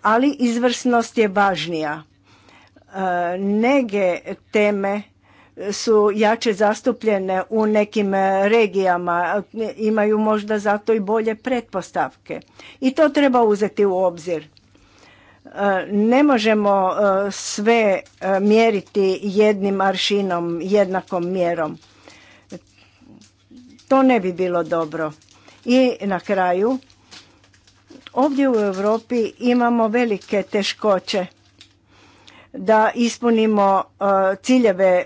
ali izvrsnost je važnija. nege teme su jače zastupljene u nekim e, regijama, imaju možda zato i bolje pretpostavke. I to treba uzeti u obzir. E, ne možemo e, sve mjeriti jednim aršinom, jednakom mjerom. To ne bi bilo dobro. I na kraju, ovdje u Europi imamo velike teškoće da ispunimo e, ciljeve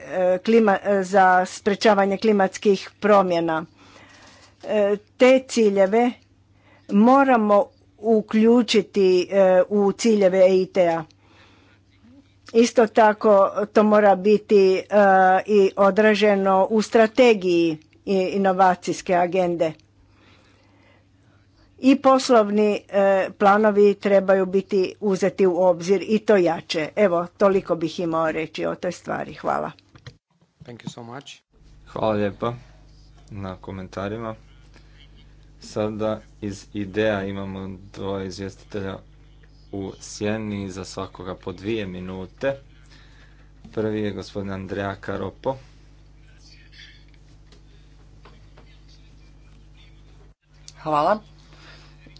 e, e, za sprečavanje klimatskih promjena. Te ciljeve moramo uključiti u ciljeve EIT-a. Isto tako to mora biti i odraženo u strategiji inovacijske agende i poslovni e, planovi trebaju biti uzeti u obzir i to jače. Evo, toliko bih imao reći o toj stvari. Hvala. Thank you so much. Hvala lijepa na komentarima. Sada iz ideja imamo dvoje izvjestitelja u sjeni za svakoga po dvije minute. Prvi je gospodin Andreja Karopo. Hvala.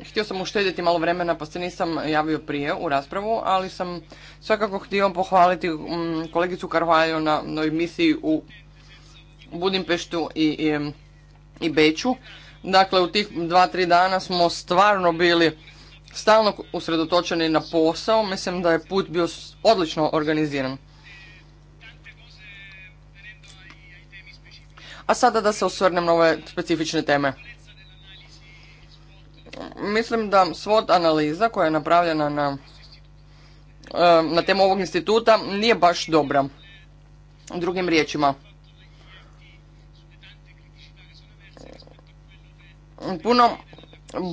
Htio sam uštedjeti malo vremena pa se nisam javio prije u raspravu, ali sam svakako htio pohvaliti mm, kolegicu Karvalju na noj misiji u Budimpeštu i, i, i Beću. Dakle, u tih dva, tri dana smo stvarno bili stalno usredotočeni na posao. Mislim da je put bio odlično organiziran. A sada da se osvrnem na ove specifične teme mislim da svod analiza koja je napravljena na, e, na temu ovog instituta nije baš dobra. Drugim riječima, puno,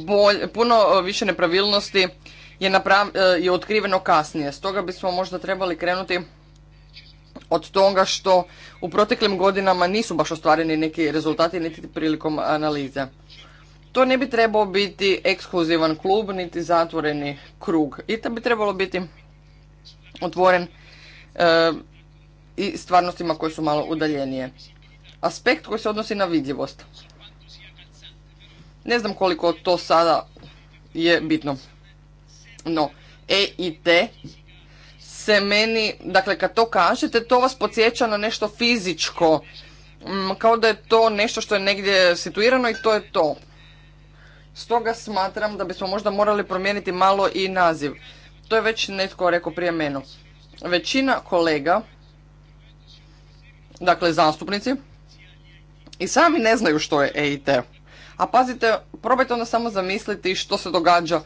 bolj, puno više nepravilnosti je, naprav, e, je otkriveno kasnije. Stoga bismo možda trebali krenuti od toga što u proteklim godinama nisu baš ostvareni neki rezultati niti prilikom analize. To ne bi trebao biti ekskluzivan klub, niti zatvoreni krug. I to bi trebalo biti otvoren e, i stvarnostima koje su malo udaljenije. Aspekt koji se odnosi na vidljivost. Ne znam koliko to sada je bitno. No, E i T se meni, dakle kad to kažete, to vas podsjeća na nešto fizičko. Mm, kao da je to nešto što je negdje situirano i to je to. Stoga smatram da bismo možda morali promijeniti malo i naziv. To je već netko rekao prije mene. Većina kolega, dakle zastupnici, i sami ne znaju što je EIT. A pazite, probajte onda samo zamisliti što se događa e,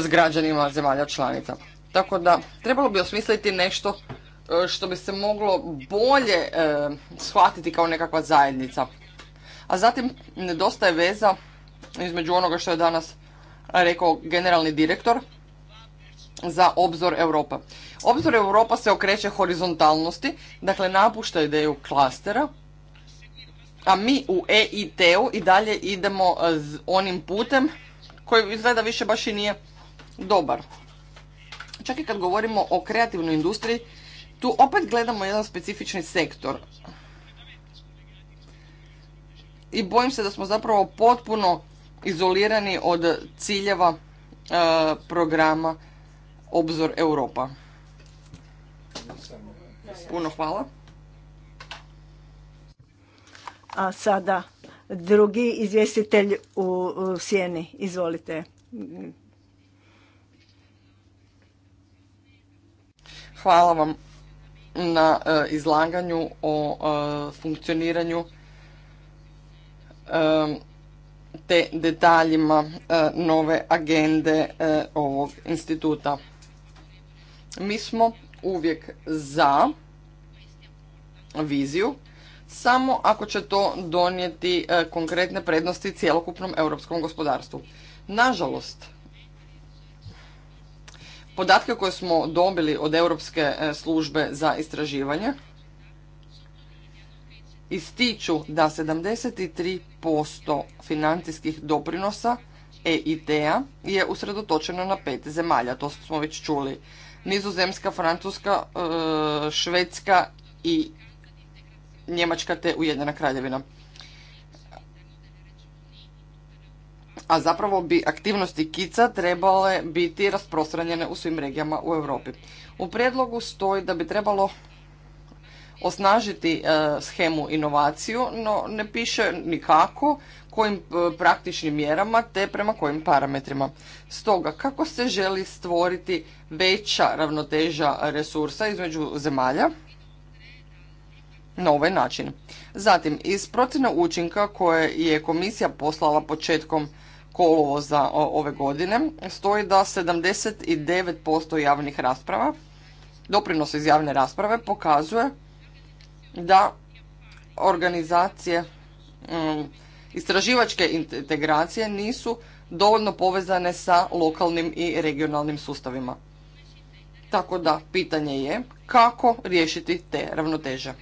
s građanima zemalja članica. Tako da, trebalo bi osmisliti nešto e, što bi se moglo bolje e, shvatiti kao nekakva zajednica. A zatim, nedostaje veza između onoga što je danas rekao generalni direktor za obzor Europa. Obzor Europa se okreće horizontalnosti, dakle napušta ideju klastera, a mi u EIT-u i dalje idemo s e, onim putem koji izgleda više baš i nije dobar. Čak i kad govorimo o kreativnoj industriji, tu opet gledamo jedan specifični sektor. I bojim se da smo zapravo potpuno izolirani od ciljeva e, programa Obzor Europa. Puno hvala. A sada drugi izvjestitelj u sjeni. Izvolite. Hvala vam na e, izlaganju o e, funkcioniranju detaljima e, nove agende e, ovog instituta. Mi smo uvijek za viziju samo ako će to donijeti e, konkretne prednosti cjelokupnom europskom gospodarstvu. Nažalost, podatke koje smo dobili od Europske službe za istraživanje ističu da 73% financijskih doprinosa EIT-a je usredotočeno na pet zemalja, to smo već čuli. Nizozemska, Francuska, e, Švedska i Njemačka te Ujedinjena kraljevina. A zapravo bi aktivnosti KICA trebale biti rasprostranjene u svim regijama u Europi. U predlogu stoji da bi trebalo osnažiti e, schemu inovaciju, no ne piše nikako kojim e, praktičnim mjerama te prema kojim parametrima. Stoga, kako se želi stvoriti veća ravnoteža resursa između zemalja? na ovaj način. Zatim, iz procjena učinka koje je komisija poslala početkom kolovoza ove godine, stoji da 79% javnih rasprava, doprinos iz javne rasprave pokazuje da organizacije mm, istraživačke integracije nisu dovoljno povezane sa lokalnim i regionalnim sustavima. Tako da pitanje je kako riješiti te ravnoteže.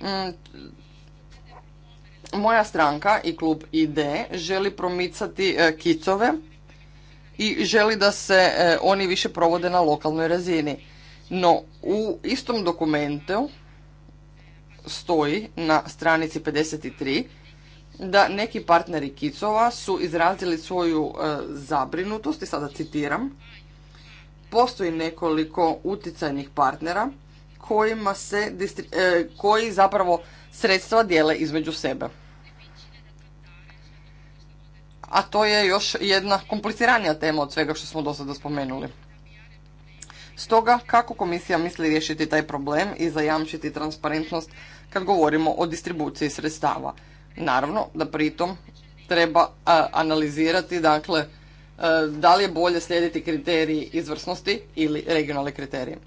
Mm, moja stranka i klub ID želi promicati e, kicove i želi da se e, oni više provode na lokalnoj razini. No, u istom dokumentu stoji na stranici 53 da neki partneri Kicova su izrazili svoju e, zabrinutost i sada citiram postoji nekoliko uticajnih partnera kojima se e, koji zapravo sredstva dijele između sebe. A to je još jedna kompliciranija tema od svega što smo do sada spomenuli. Stoga, kako komisija misli riješiti taj problem i zajamčiti transparentnost kad govorimo o distribuciji sredstava? Naravno da pritom treba analizirati dakle, e, da li je bolje slijediti kriteriji izvrsnosti ili regionalne kriterije.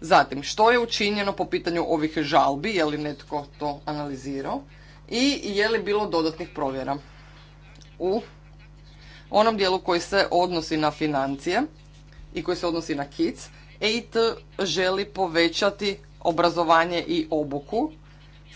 Zatim, što je učinjeno po pitanju ovih žalbi, je li netko to analizirao i je li bilo dodatnih provjera u onom dijelu koji se odnosi na financije i koji se odnosi na KIC, EIT želi povećati obrazovanje i obuku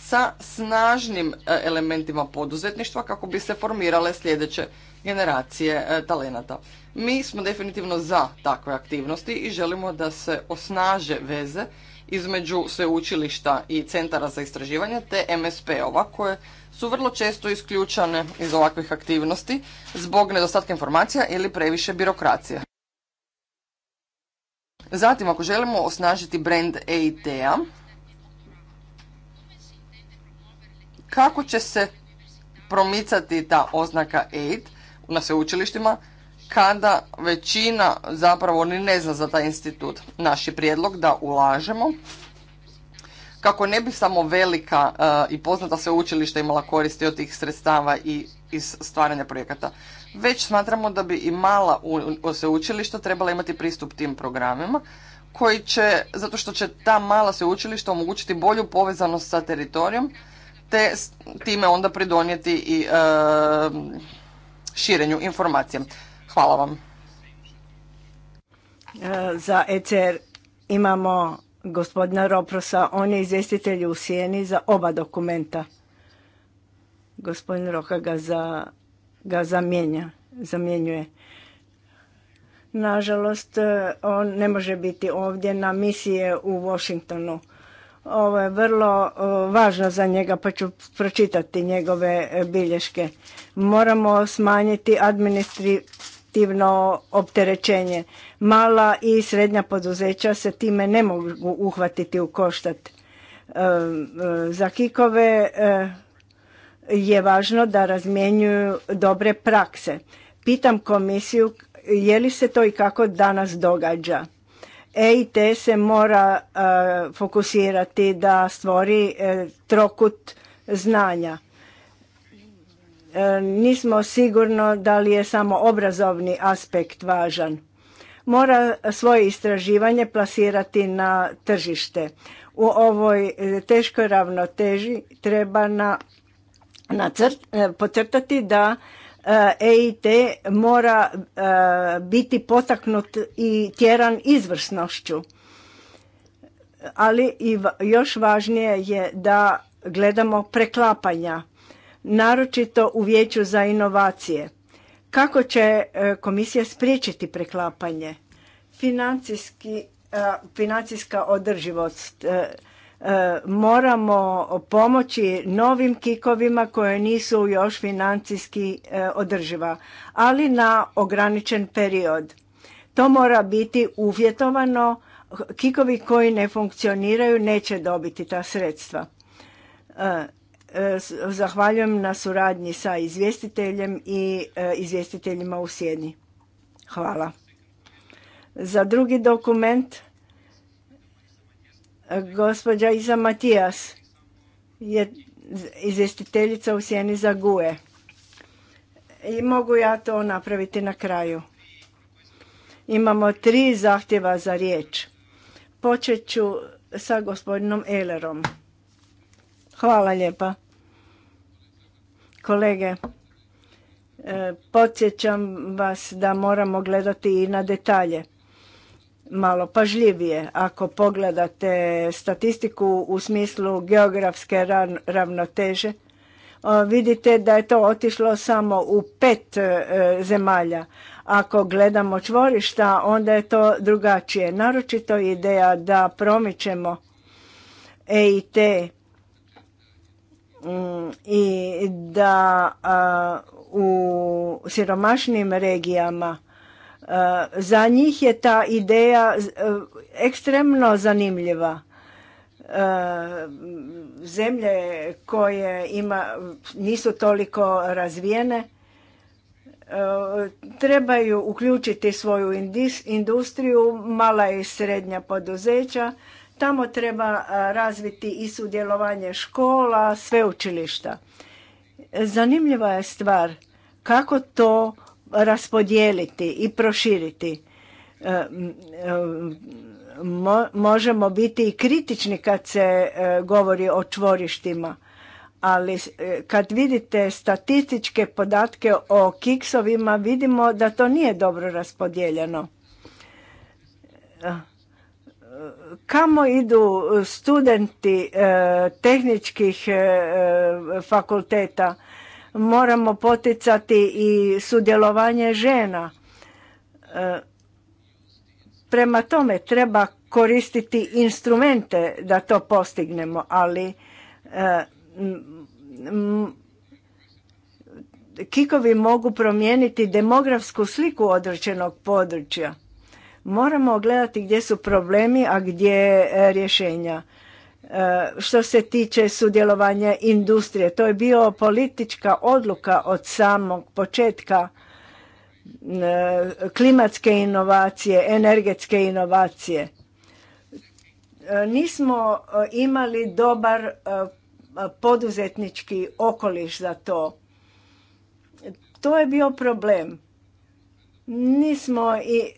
sa snažnim e, elementima poduzetništva kako bi se formirale sljedeće generacije e, talenata. Mi smo definitivno za takve aktivnosti i želimo da se osnaže veze između sveučilišta i centara za istraživanje te MSP-ova koje su vrlo često isključane iz ovakvih aktivnosti zbog nedostatka informacija ili previše birokracije. Zatim, ako želimo osnažiti brand EIT-a, kako će se promicati ta oznaka EIT na sveučilištima kada većina zapravo ni ne zna za taj institut. Naš je prijedlog da ulažemo kako ne bi samo velika e, i poznata sveučilišta imala koristi od tih sredstava i iz stvaranja projekata već smatramo da bi i mala sveučilišta trebala imati pristup tim programima koji će, zato što će ta mala sveučilišta omogućiti bolju povezanost sa teritorijom, te time onda pridonijeti i e, širenju informacije. Hvala vam. E, za ECR imamo gospodina Roprosa, on je izvjestitelj u Sijeni za oba dokumenta. Gospodin Roka ga za ga zamjenja, zamjenjuje. Nažalost, e, on ne može biti ovdje na misije u Washingtonu. Ovo je vrlo e, važno za njega, pa ću pročitati njegove e, bilješke. Moramo smanjiti administrativno opterećenje. Mala i srednja poduzeća se time ne mogu uhvatiti u koštat. za kikove je važno da razmjenjuju dobre prakse. Pitam komisiju je li se to i kako danas događa. EIT se mora e, fokusirati da stvori e, trokut znanja. E, nismo sigurno da li je samo obrazovni aspekt važan. Mora svoje istraživanje plasirati na tržište. U ovoj teškoj ravnoteži treba na E, pocrtati da EIT e mora e, biti potaknut i tjeran izvrsnošću. Ali i još važnije je da gledamo preklapanja, naročito u vijeću za inovacije. Kako će komisija spriječiti preklapanje? financijska održivost E, moramo pomoći novim kikovima koje nisu još financijski e, održiva, ali na ograničen period. To mora biti uvjetovano, kikovi koji ne funkcioniraju neće dobiti ta sredstva. E, zahvaljujem na suradnji sa izvjestiteljem i izvjestiteljima u Sjedni. Hvala. Za drugi dokument Gospođa Iza Matijas je izvjestiteljica u sjeni za guje. I mogu ja to napraviti na kraju. Imamo tri zahtjeva za riječ. Počet ću sa gospodinom Elerom. Hvala lijepa. Kolege, e, podsjećam vas da moramo gledati i na detalje malo pažljivije. Ako pogledate statistiku u smislu geografske ravnoteže, vidite da je to otišlo samo u pet e, zemalja. Ako gledamo čvorišta, onda je to drugačije. Naročito ideja da promičemo EIT mm, i da u siromašnim regijama Eh, za njih je ta ideja eh, ekstremno zanimljiva. Eh, zemlje koje ima, nisu toliko razvijene trebaju uključiti svoju industriju, mala i srednja poduzeća. Tamo treba razviti i sudjelovanje škola, sveučilišta. Zanimljiva je stvar kako to raspodijeliti i proširiti. E, e, možemo biti i kritični kad se e, govori o čvorištima, ali kad vidite statističke podatke o kiksovima vidimo da to nije dobro raspodijeljeno. Kamo idu studenti tehničkih fakulteta moramo poticati i sudjelovanje žena. E, prema tome treba koristiti instrumente da to postignemo, ali e, kikovi mogu promijeniti demografsku sliku određenog područja. Moramo gledati gdje su problemi, a gdje e, rješenja što se tiče sudjelovanja industrije. To je bio politička odluka od samog početka e, klimatske inovacije, energetske inovacije. E, nismo e, imali dobar poduzetnički okoliš za to. To je bio problem nismo e,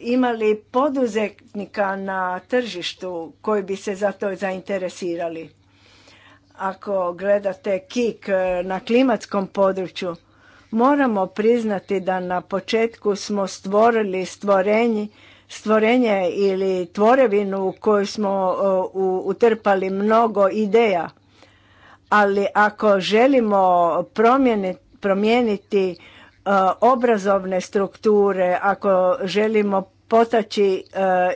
imali poduzetnika na tržištu koji bi se za to zainteresirali. Ako gledate KIK e, na klimatskom području, moramo priznati da na početku smo stvorili stvorenje, stvorenje ili tvorevinu u koju smo e, utrpali mnogo ideja. Ali ako želimo promijeniti obrazovne strukture, ako želimo potaći e,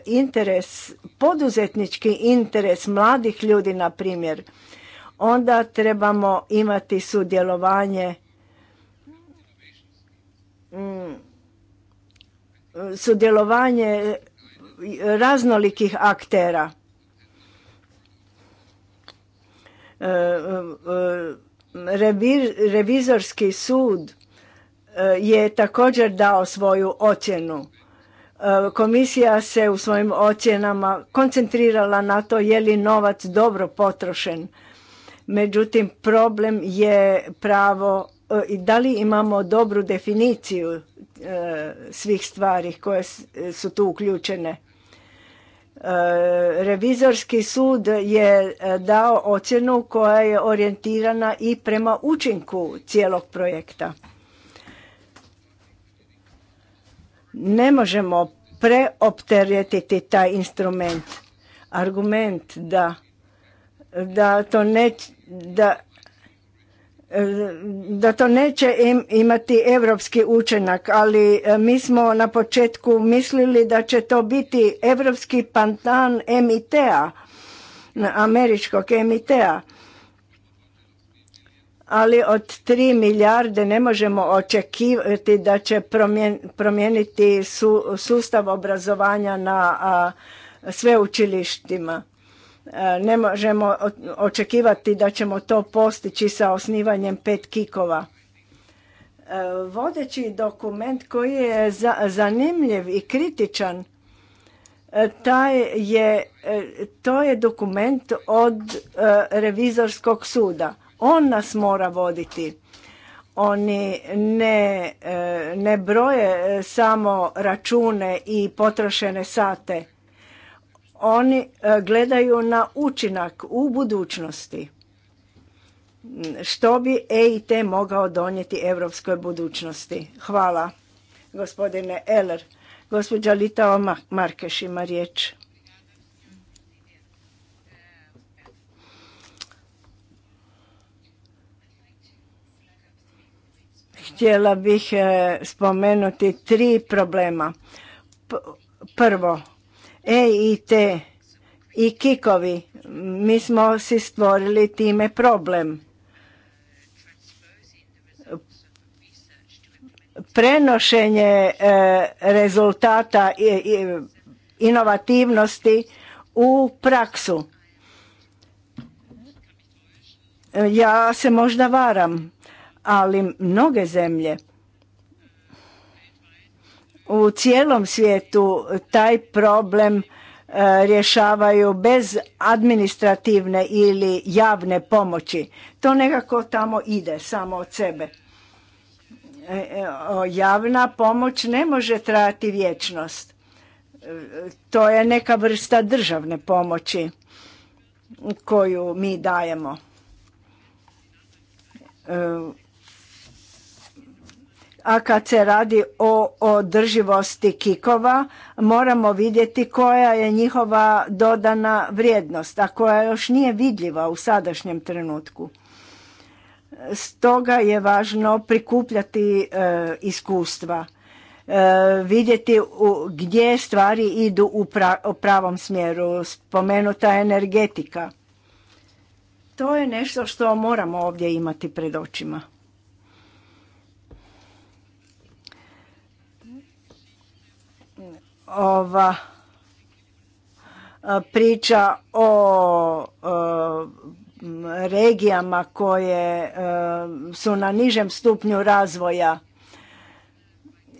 interes, poduzetnički interes mladih ljudi, na primjer, onda trebamo imati sudjelovanje mm, sudjelovanje raznolikih aktera. E, e, revizorski sud E, je također dao svoju ocjenu. E, komisija se u svojim ocjenama koncentrirala na to je li novac dobro potrošen. Međutim, problem je pravo e, i da li imamo dobru definiciju svih stvari koje su tu uključene. Revizorski sud je dao ocjenu koja je orijentirana i prema učinku cijelog projekta. Ne možemo preopteretiti taj instrument. Argument da, da to ne, da, da to neće imati europski učenak, ali e, mi smo na početku mislili da će to biti europski pantan MIT-a, američkog MIT-a ali od 3 milijarde ne možemo očekivati da će promijeniti sustav obrazovanja na sve sveučilištima. E, ne možemo očekivati da ćemo to postići sa osnivanjem pet kikova. E, vodeći dokument koji je zanimljiv i kritičan, e, taj je, to je dokument od revizorskog suda on nas mora voditi. Oni ne, e, ne broje e, samo račune i potrošene sate. Oni e, gledaju na učinak u budućnosti. Što bi EIT mogao donijeti europskoj budućnosti? Hvala, gospodine Eller. Gospođa Litao Markeš ima riječ. htjela bih e, spomenuti tri problema. Prvo, EIT i kikovi, mi smo si stvorili time problem. Prenošenje e, rezultata inovativnosti u praksu. Ja se možda varam ali mnoge zemlje u cijelom svijetu taj problem e, rješavaju bez administrativne ili javne pomoći. To nekako tamo ide samo od sebe. E, e, javna pomoć ne može trajati vječnost. To je neka vrsta državne pomoći koju mi dajemo a kad se radi o održivosti kikova moramo vidjeti koja je njihova dodana vrijednost, a koja još nije vidljiva u sadašnjem trenutku. Stoga je važno prikupljati e, iskustva, e, vidjeti u, gdje stvari idu u, u pravom smjeru, spomenuta energetika. To je nešto što moramo ovdje imati pred očima. ova e, priča o e, regijama koje e, su na nižem stupnju razvoja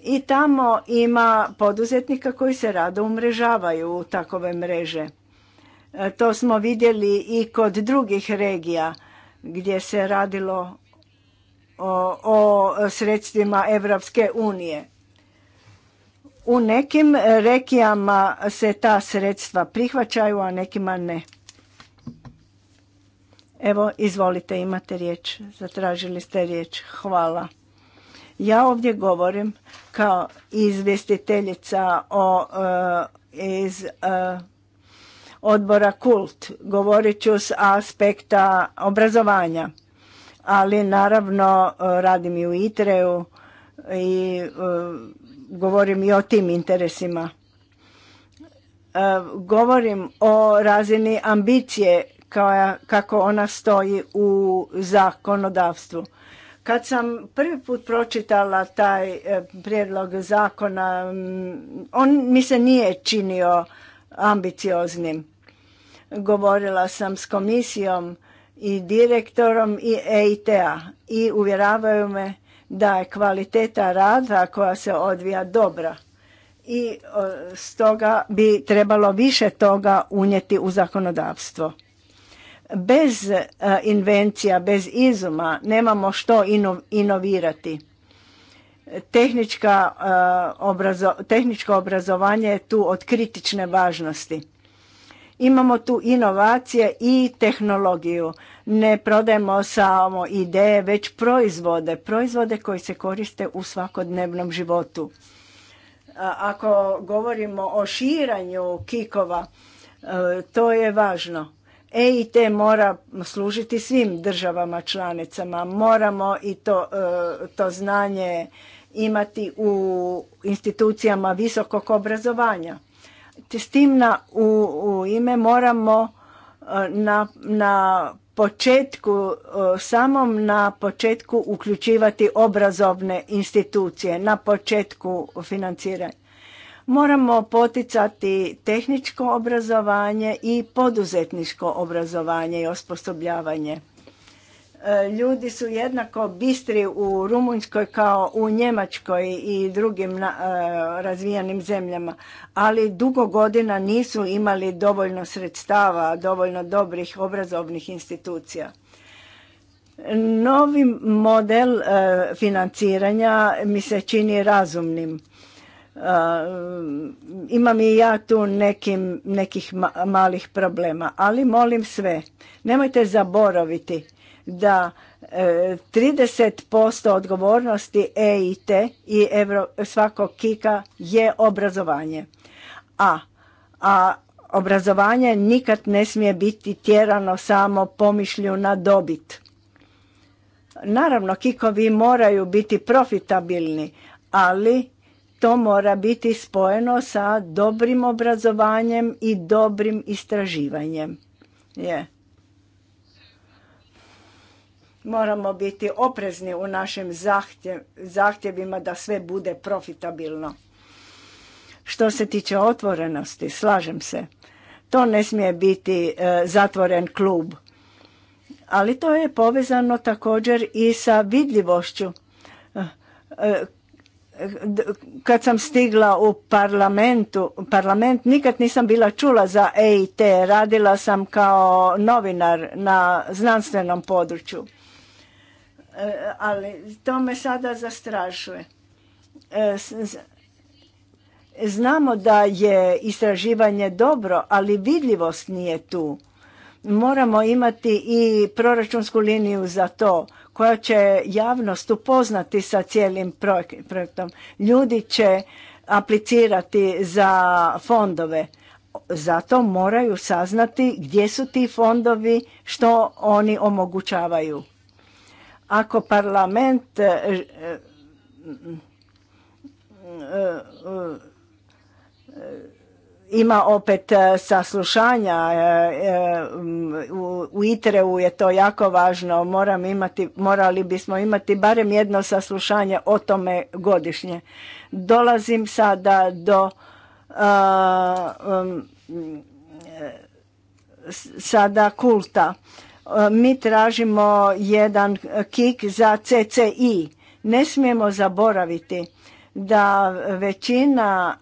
i tamo ima poduzetnika koji se rado umrežavaju u takove mreže. To smo vidjeli i kod drugih regija gdje se radilo o, o sredstvima Evropske unije. U nekim e, rekijama se ta sredstva prihvaćaju, a nekima ne. Evo, izvolite, imate riječ. Zatražili ste riječ. Hvala. Ja ovdje govorim kao izvjestiteljica o, e, iz e, odbora Kult. Govorit ću s aspekta obrazovanja, ali naravno radim i u Itreju i govorim i o tim interesima. E, govorim o razini ambicije kako ona stoji u zakonodavstvu. Kad sam prvi put pročitala taj e, prijedlog zakona, mm, on mi se nije činio ambicioznim. Govorila sam s komisijom i direktorom i EIT-a i uvjeravaju me da je kvaliteta rada koja se odvija dobra i e, stoga bi trebalo više toga unijeti u zakonodavstvo. Bez e, invencija, bez izuma nemamo što inovirati. Tehnička, e, tehničko obrazovanje je tu od kritične važnosti. Imamo tu inovacije i tehnologiju. Ne prodajemo samo ideje, već proizvode, proizvode koji se koriste u svakodnevnom životu. Ako govorimo o širanju kikova, e, to je važno. EIT mora služiti svim državama članicama. Moramo i to, e, to znanje imati u institucijama visokog obrazovanja s tim na, u, ime moramo e, na, na početku, e, samom na početku uključivati obrazovne institucije, na početku financiranja. Moramo poticati tehničko obrazovanje i poduzetničko obrazovanje i osposobljavanje. E, ljudi su jednako bistri u Rumunjskoj kao u Njemačkoj i drugim e, razvijenim zemljama, ali dugo godina nisu imali dovoljno sredstava, dovoljno dobrih obrazovnih institucija. Novi model e, financiranja mi se čini razumnim. imam i ja tu nekim, nekih malih problema, ali molim sve, nemojte zaboraviti da 30% e, odgovornosti EIT i svakog kika je obrazovanje. A, a obrazovanje nikad ne smije biti tjerano samo pomišlju na dobit. Naravno, kikovi moraju biti profitabilni, ali to mora biti spojeno sa dobrim obrazovanjem i dobrim istraživanjem. Je. Moramo biti oprezni u našim zahtjevima da sve bude profitabilno. Što se tiče otvorenosti, slažem se. To ne smije biti e, zatvoren klub. Ali to je povezano također i sa vidljivošću. E, e, kad sam stigla u parlament nikad nisam bila čula za EIT, radila sam kao novinar na znanstvenom području. E, ali to me sada zastrašuje. E, znamo da je istraživanje dobro, ali vidljivost nije tu. Moramo imati i proračunsku liniju za to koja će javnost upoznati sa cijelim projektom. Ljudi će aplicirati za fondove. Zato moraju saznati gdje su ti fondovi, što oni omogućavaju. Ako parlament e, e, e, ima opet saslušanja u Itreu je to jako važno Moram imati, morali bismo imati barem jedno saslušanje o tome godišnje dolazim sada do sada kulta mi tražimo jedan kik za CCI. Ne smijemo zaboraviti da većina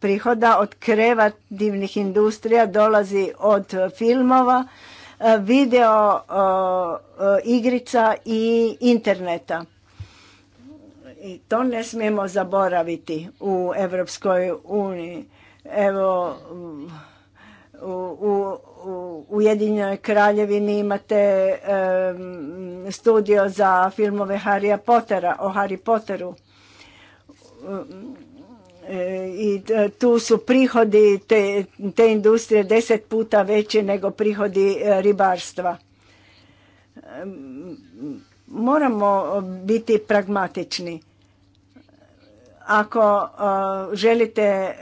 prihoda od kreativnih industrija dolazi od filmova, video igrica i interneta. I to ne smijemo zaboraviti u Europskoj uniji. Evo, u, u Ujedinjenoj kraljevini imate studio za filmove Harrya Pottera o Harry Potteru. E, I tu su prihodi te, industrije deset puta veći nego prihodi e, ribarstva. moramo biti pragmatični ako e, želite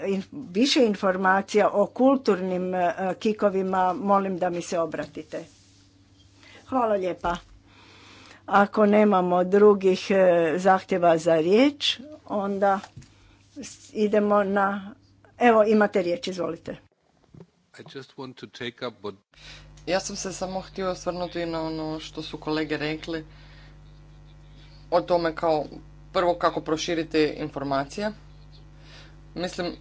više informacija o kulturnim e, kikovima, molim da mi se obratite. Hvala lijepa. Ako nemamo drugih e, zahtjeva za riječ, onda idemo na... Evo, imate riječ, izvolite. Ja sam se samo htio osvrnuti na ono što su kolege rekli o tome kao prvo kako proširiti informacije. Mislim,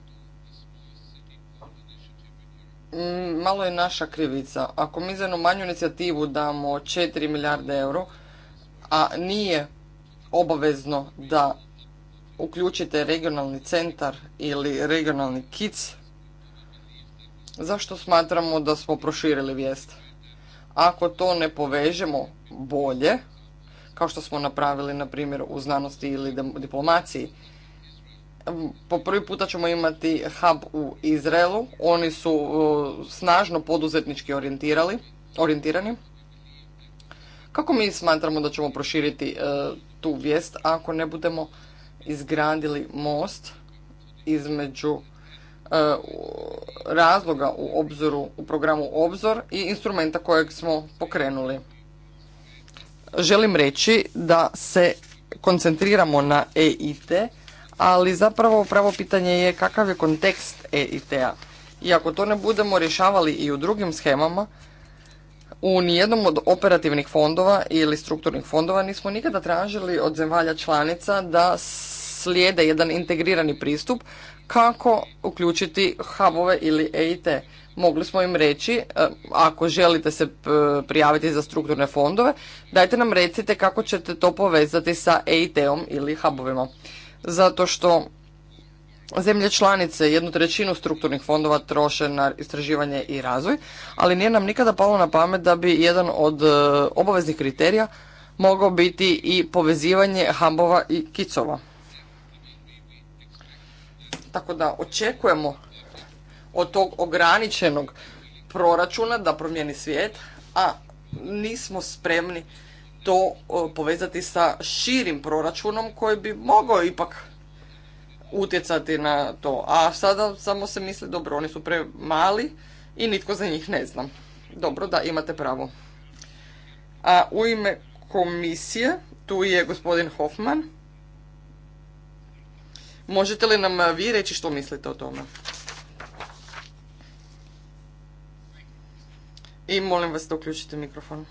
malo je naša krivica. Ako mi za jednu manju inicijativu damo 4 milijarde euro, a nije obavezno da uključite regionalni centar ili regionalni kic, zašto smatramo da smo proširili vijest? Ako to ne povežemo bolje, kao što smo napravili na primjer u znanosti ili diplomaciji. Ehm, po prvi puta ćemo imati hub u Izraelu, oni su snažno poduzetnički orijentirali, orijentirani. Kako mi smatramo da ćemo proširiti e, tu vijest ako ne budemo izgradili most između e, razloga u obzoru, u programu Obzor i instrumenta kojeg smo pokrenuli želim reći da se koncentriramo na EIT, ali zapravo pravo pitanje je kakav je kontekst EIT-a. I ako to ne budemo rješavali i u drugim schemama, u nijednom od operativnih fondova ili strukturnih fondova nismo nikada tražili od zemalja članica da slijede jedan integrirani pristup kako uključiti hubove ili EIT mogli smo im reći, e, ako želite se e, prijaviti za strukturne fondove, dajte nam recite kako ćete to povezati sa EIT-om ili hubovima. Zato što zemlje članice jednu trećinu strukturnih fondova troše na istraživanje i razvoj, ali nije nam nikada palo na pamet da bi jedan od e, obaveznih kriterija mogao biti i povezivanje hubova i kicova. Tako da očekujemo od tog ograničenog proračuna da promijeni svijet, a nismo spremni to povezati sa širim proračunom koji bi mogao ipak utjecati na to. A sada samo se misli, dobro, oni su premali i nitko za njih ne zna. Dobro, da, imate pravo. A u ime komisije, tu je gospodin Hoffman. Možete li nam vi reći što mislite o tome? I molim vas da uključite mikrofon.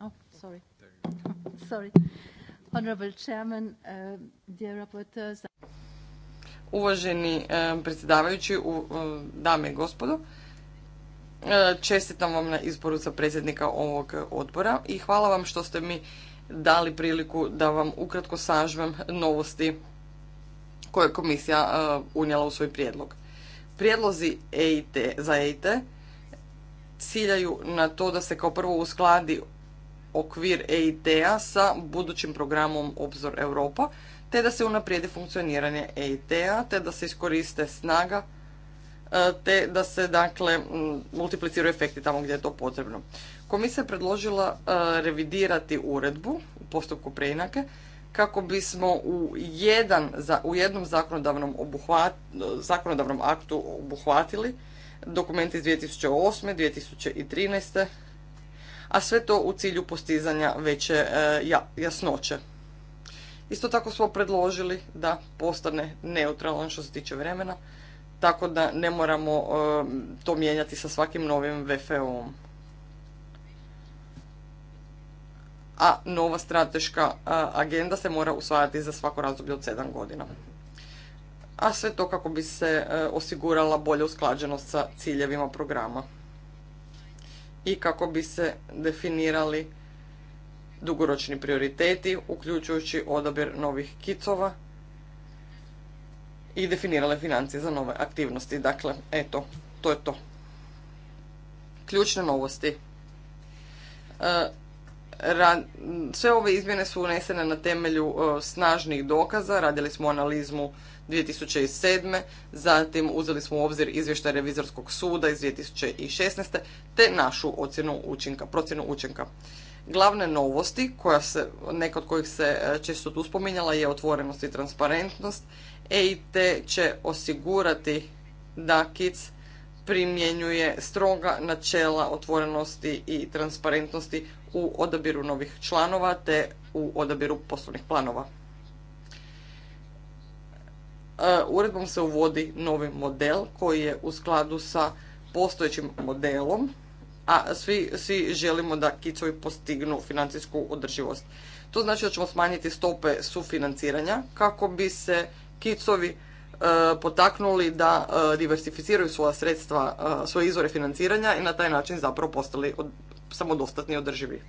Oh, uh, Uvaženi uh, predsjedavajući, uh, dame i gospodo, čestitam vam na izboru za predsjednika ovog odbora i hvala vam što ste mi dali priliku da vam ukratko sažmem novosti koje je komisija e, unijela u svoj prijedlog. Prijedlozi e za EIT ciljaju na to da se kao prvo uskladi okvir EIT-a sa budućim programom Obzor Europa, te da se unaprijedi funkcioniranje EIT-a, te da se iskoriste snaga, e, te da se dakle multipliciraju efekti tamo gdje je to potrebno. Komisija je predložila revidirati uredbu u postupku preinake, kako bismo u, jedan, u jednom zakonodavnom, obuhvat, zakonodavnom aktu obuhvatili dokument iz 2008. 2013. a sve to u cilju postizanja veće e, jasnoće. Isto tako smo predložili da postane neutralan što se tiče vremena, tako da ne moramo e, to mijenjati sa svakim novim VFO-om. a nova strateška agenda se mora usvajati za svako razdoblje od sedam godina. A sve to kako bi se e, osigurala bolja usklađenost sa ciljevima programa i kako bi se definirali dugoročni prioriteti, uključujući odabir novih kicova i definirale financije za nove aktivnosti. Dakle, eto, to je to. Ključne novosti. E, sve ove izmjene su unesene na temelju snažnih dokaza, radili smo analizmu 2007. Zatim uzeli smo u obzir izvještaj revizorskog suda iz 2016. te našu ocjenu učinka, procjenu učinka. Glavne novosti, koja se, neka od kojih se e, često tu spominjala, je otvorenost i transparentnost. EIT će osigurati da KIC primjenjuje stroga načela otvorenosti i transparentnosti u odabiru novih članova te u odabiru poslovnih planova. E, uredbom se uvodi novi model koji je u skladu sa postojećim modelom, a svi, svi želimo da kicovi postignu financijsku održivost. To znači da ćemo smanjiti stope sufinanciranja kako bi se kicovi e, potaknuli da e, diversificiraju svoja sredstva, svoje izvore financiranja i na taj način zapravo postali samodostatni i održivi.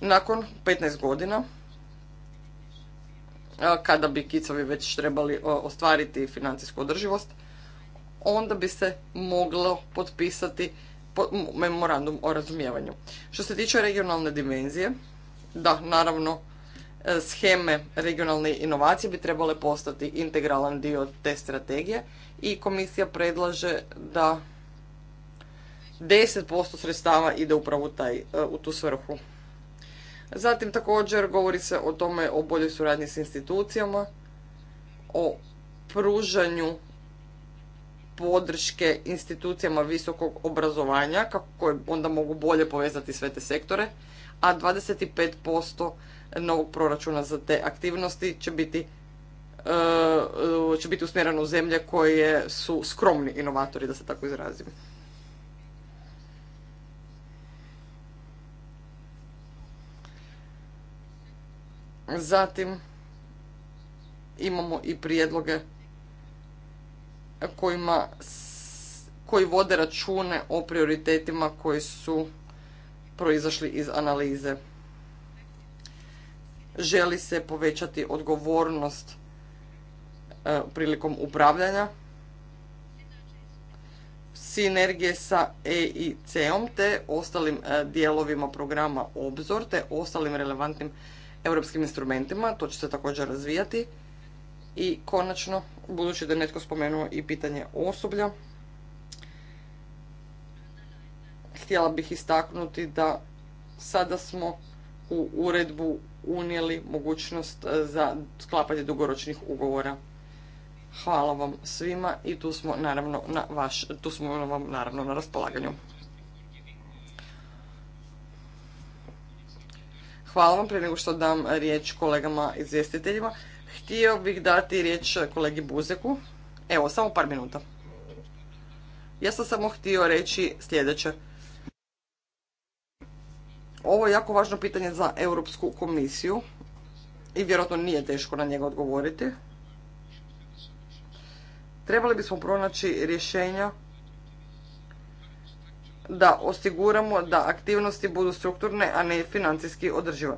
Nakon 15 godina, kada bi kicovi već trebali ostvariti financijsku održivost, onda bi se moglo potpisati memorandum o razumijevanju. Što se tiče regionalne dimenzije, da, naravno, e, scheme regionalne inovacije bi trebale postati integralan dio te strategije i komisija predlaže da 10% sredstava ide upravo e, u tu svrhu. Zatim također govori se o tome o boljoj suradnji s institucijama, o pružanju podrške institucijama visokog obrazovanja koje onda mogu bolje povezati sve te sektore, a 25% novog proračuna za te aktivnosti će biti e, e, će biti usmjereno u zemlje koje su skromni inovatori, da se tako izrazim. Zatim imamo i prijedloge koji vode račune o prioritetima koji su proizašli iz analize. Želi se povećati odgovornost e, prilikom upravljanja, sinergije sa EIC-om te ostalim e, dijelovima programa Obzor te ostalim relevantnim europskim instrumentima, to će se također razvijati. I konačno, budući da je netko spomenuo i pitanje osoblja, htjela bih istaknuti da sada smo u uredbu unijeli mogućnost e, za sklapanje dugoročnih ugovora. Hvala vam svima i tu smo naravno na vaš, tu smo vam naravno na raspolaganju. Hvala vam, prije nego što dam riječ kolegama izvjestiteljima. Htio bih dati riječ kolegi Buzeku. Evo, samo par minuta. Ja sam samo htio reći sljedeće. Ovo je jako važno pitanje za Europsku komisiju i vjerojatno nije teško na njega odgovoriti. Trebali bismo pronaći rješenja da osiguramo da aktivnosti budu strukturne, a ne financijski održive.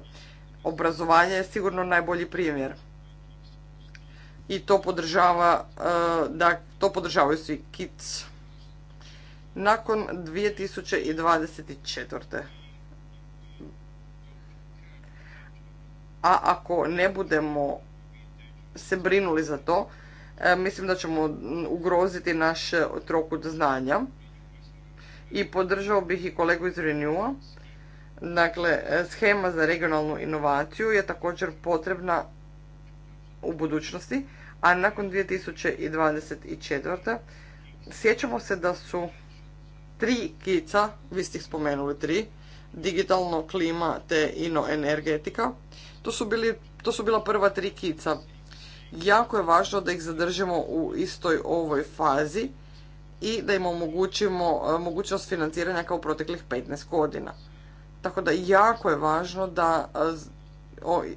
Obrazovanje je sigurno najbolji primjer. I to podržava, e, da to podržavaju svi kids. Nakon 2024. A ako ne budemo se brinuli za to, e, mislim da ćemo ugroziti naš trokut znanja i podržao bih i kolegu iz Renewa. Dakle, schema za regionalnu inovaciju je također potrebna u budućnosti, a nakon 2024. sjećamo se da su tri kica, vi ste ih spomenuli tri, digitalno klima te ino energetika. To su, to su bila prva tri kica. Jako je važno da ih zadržimo u istoj ovoj fazi i da im omogućimo e, mogućnost financiranja kao u proteklih 15 godina. Tako da jako je važno da e,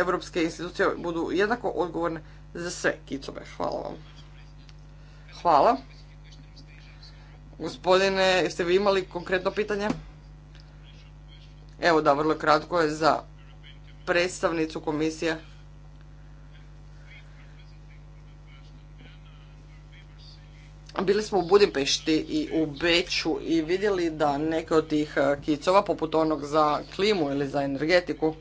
evropske institucije budu jednako odgovorne za sve kicove. Hvala vam. Hvala. Gospodine, jeste vi imali konkretno pitanje? Evo da, vrlo kratko je za predstavnicu komisije. bili smo u Budimpešti i u Beću i vidjeli da neke od tih e, kicova, poput onog za klimu ili za energetiku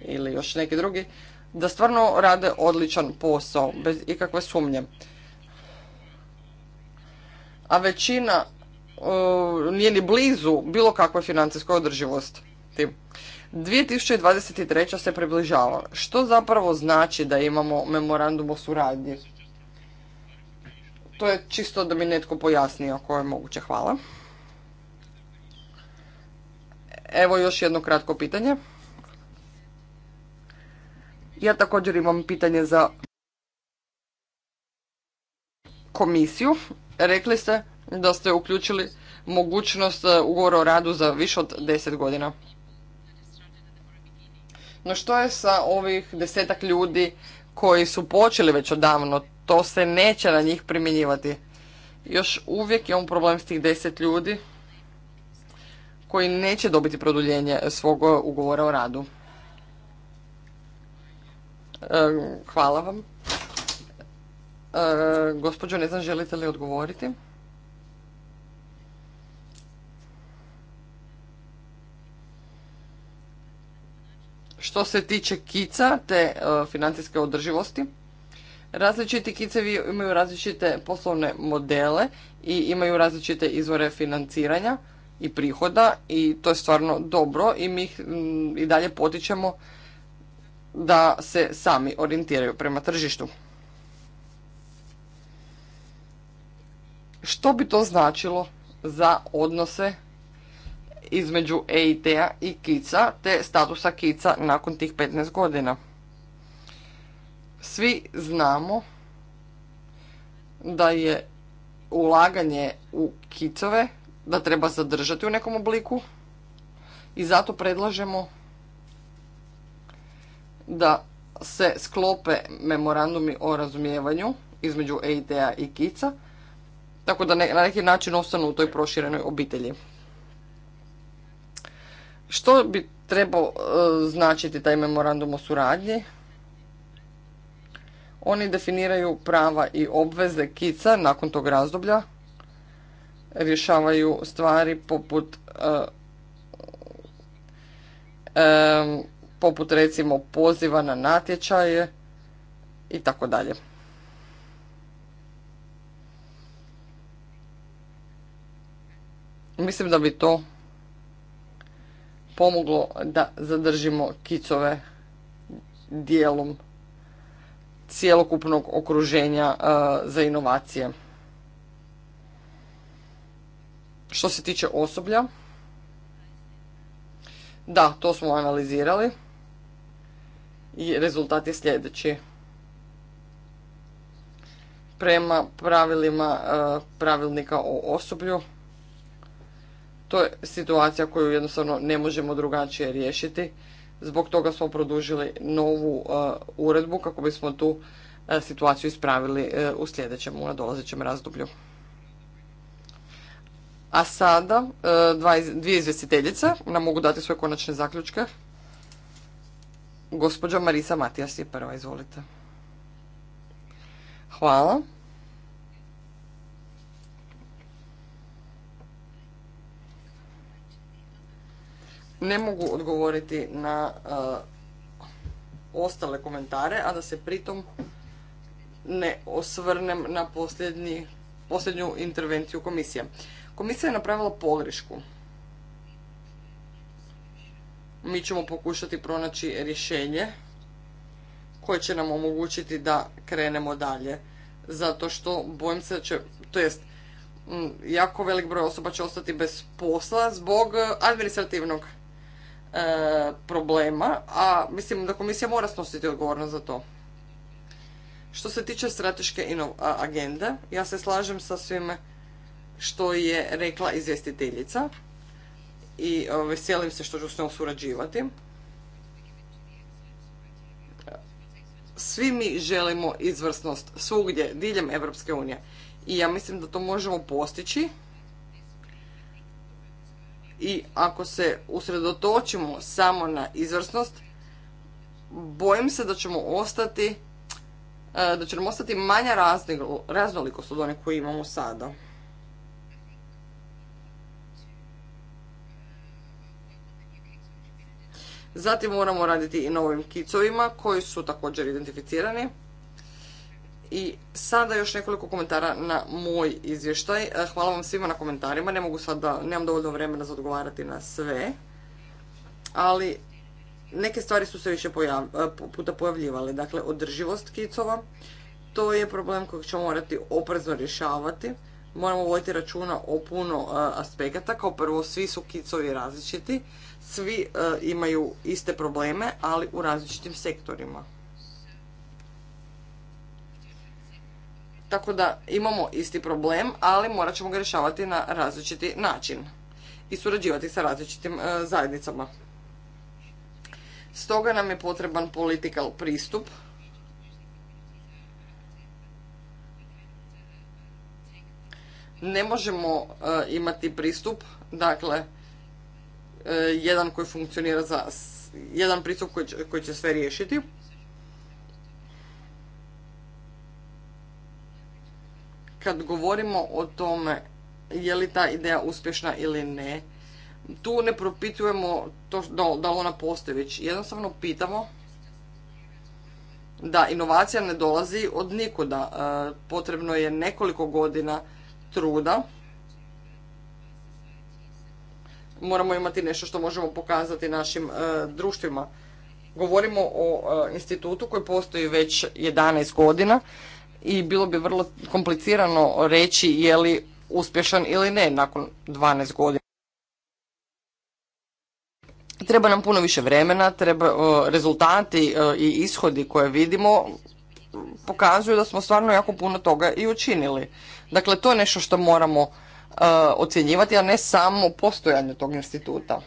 ili još neki drugi, da stvarno rade odličan posao, bez ikakve sumnje. A većina e, nije ni blizu bilo kakve financijskoj održivosti. 2023. se približava. Što zapravo znači da imamo memorandum o suradnji? To je čisto da mi netko pojasni ako je moguće. Hvala. Evo još jedno kratko pitanje. Ja također imam pitanje za komisiju. Rekli ste da ste uključili mogućnost e, ugovora o radu za više od 10 godina. No što je sa ovih desetak ljudi koji su počeli već odavno to se neće na njih primjenjivati. Još uvijek je on problem s tih deset ljudi koji neće dobiti produljenje svog ugovora o radu. E, hvala vam. E, gospođo, ne znam, želite li odgovoriti? Što se tiče kica te e, financijske održivosti, Različiti kicevi imaju različite poslovne modele i imaju različite izvore financiranja i prihoda i to je stvarno dobro i mi ih mm, i dalje potičemo da se sami orijentiraju prema tržištu. Što bi to značilo za odnose između EIT-a i kica te statusa kica nakon tih 15 godina? Svi znamo da je ulaganje u kicove da treba zadržati u nekom obliku i zato predlažemo da se sklope memorandumi o razumijevanju između EIT-a i kica tako da na neki način ostanu u toj proširenoj obitelji. Što bi trebao e, značiti taj memorandum o suradnji? Oni definiraju prava i obveze kica nakon tog razdoblja, rješavaju stvari poput eh, poput recimo poziva na natječaje i tako dalje. Mislim da bi to pomoglo da zadržimo kicove dijelom cjelokupnog okruženja e, za inovacije. Što se tiče osoblja, da, to smo analizirali i rezultat je sljedeći. Prema pravilima e, pravilnika o osoblju, to je situacija koju jednostavno ne možemo drugačije riješiti Zbog toga smo produžili novu uh, uredbu kako bismo tu uh, situaciju ispravili uh, u sljedećem, u nadolazećem razdoblju. A sada dvije izvjestiteljice nam mogu dati svoje konačne zaključke. Gospođa Marisa Matijas je prva, izvolite. Hvala. ne mogu odgovoriti na uh, ostale komentare, a da se pritom ne osvrnem na posljednju intervenciju komisije. Komisija je napravila pogrešku. Mi ćemo pokušati pronaći rješenje koje će nam omogućiti da krenemo dalje. Zato što bojim se da će, to jest, jako velik broj osoba će ostati bez posla zbog administrativnog E, problema, a mislim da komisija mora snositi odgovornost za to. Što se tiče strateške agende, ja se slažem sa svime što je rekla izvjestiteljica i e, veselim se što ću s njom surađivati. Svi mi želimo izvrsnost svugdje, diljem Europske unije. I ja mislim da to možemo postići i ako se usredotočimo samo na izvrsnost, bojim se da ćemo ostati e, da će nam ostati manja raznolikost od one koje imamo sada. Zatim moramo raditi i na ovim kicovima koji su također identificirani. I sada još nekoliko komentara na moj izvještaj. E, hvala vam svima na komentarima. Ne mogu sada, nemam dovoljno vremena za odgovarati na sve. Ali neke stvari su se više e, puta pojavljivale. Dakle, održivost kicova. To je problem kojeg ćemo morati oprezno rješavati. Moramo voditi računa o puno e, aspekata. Kao prvo, svi su kicovi različiti. Svi imaju iste probleme, ali u različitim sektorima. Tako da imamo isti problem, ali morat ćemo ga rješavati na različiti način i surađivati sa različitim e, zajednicama. Stoga nam je potreban political pristup ne možemo e, imati pristup, dakle, e, jedan koji funkcionira za, jedan pristup koji će sve riješiti, kad govorimo o tome je li ta ideja uspješna ili ne, tu ne propitujemo to da, da ona postoji, već jednostavno pitamo da inovacija ne dolazi od nikuda. E, potrebno je nekoliko godina truda. Moramo imati nešto što možemo pokazati našim e, društvima. Govorimo o e, institutu koji postoji već 11 godina i bilo bi vrlo komplicirano reći je li uspješan ili ne nakon 12 godina. Treba nam puno više vremena, treba rezultati i ishodi koje vidimo pokazuju da smo stvarno jako puno toga i učinili. Dakle, to je nešto što moramo ocjenjivati, a ne samo postojanje tog instituta.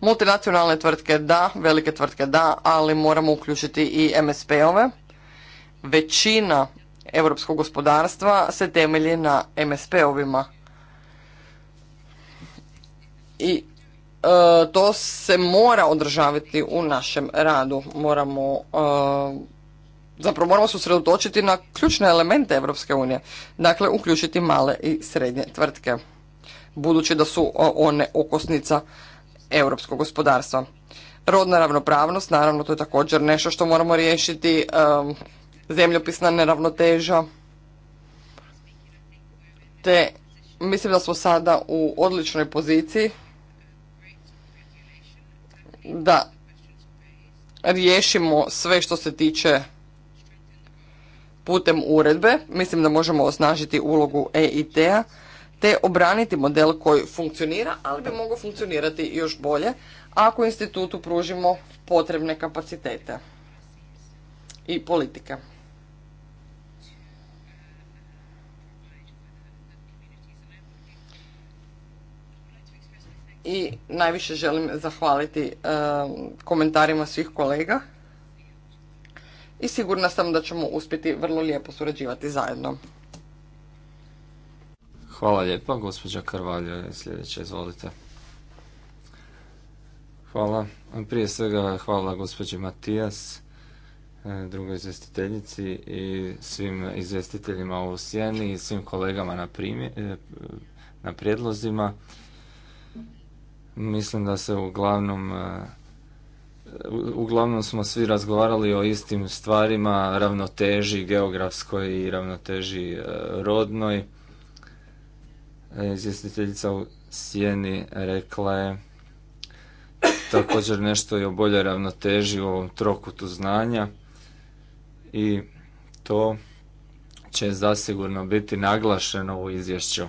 Multinacionalne tvrtke da, velike tvrtke da, ali moramo uključiti i MSP-ove većina europskog gospodarstva se temelji na MSP-ovima. I e, to se mora održavati u našem radu. Moramo e, zapravo moramo se usredotočiti na ključne elemente Europske unije, dakle uključiti male i srednje tvrtke, budući da su e, one okosnica europskog gospodarstva. Rodna ravnopravnost, naravno to je također nešto što moramo riješiti, e, zemljopisna neravnoteža. Te mislim da smo sada u odličnoj poziciji da riješimo sve što se tiče putem uredbe. Mislim da možemo osnažiti ulogu EIT-a te obraniti model koji funkcionira, ali bi mogao funkcionirati još bolje ako institutu pružimo potrebne kapacitete i politike. i najviše želim zahvaliti e, komentarima svih kolega i sigurna sam da ćemo uspjeti vrlo lijepo surađivati zajedno. Hvala lijepa, gospođa Karvalja, sljedeća, izvolite. Hvala. Prije svega hvala gospođi Matijas, e, drugoj izvestiteljici i svim izvjestiteljima u Sjeni i svim kolegama na, e, na prijedlozima. Mislim da se uglavnom e, uglavnom smo svi razgovarali o istim stvarima, ravnoteži geografskoj i ravnoteži e, rodnoj. E, izvjestiteljica u Sjeni rekla je također nešto i o boljoj ravnoteži u ovom trokutu znanja i to će zasigurno biti naglašeno u izvješću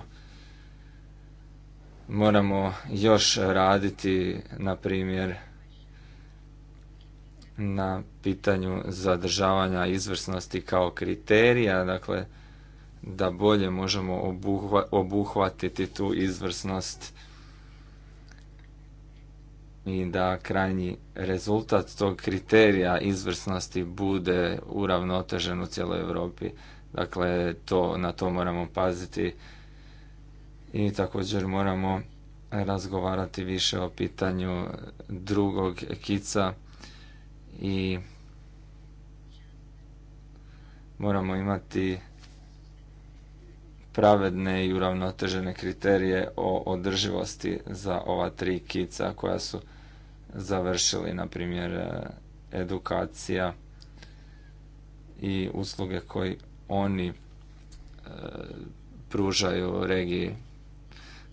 moramo još raditi, na primjer, na pitanju zadržavanja izvrsnosti kao kriterija, dakle, da bolje možemo obuhvatiti tu izvrsnost i da krajnji rezultat tog kriterija izvrsnosti bude uravnotežen u cijeloj Europi. Dakle, to, na to moramo paziti i također moramo razgovarati više o pitanju drugog kica i moramo imati pravedne i uravnotežene kriterije o održivosti za ova tri kica koja su završili, na primjer, edukacija i usluge koji oni e, pružaju regiji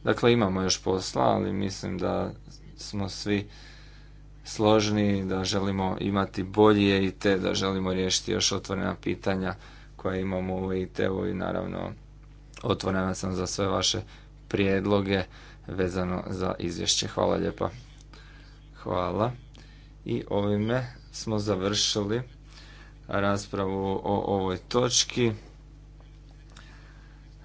Dakle, imamo još posla, ali mislim da smo svi složni, da želimo imati bolje te da želimo riješiti još otvorena pitanja koja imamo u IT-u i naravno otvorena sam za sve vaše prijedloge vezano za izvješće. Hvala lijepa. Hvala. I ovime smo završili raspravu o ovoj točki.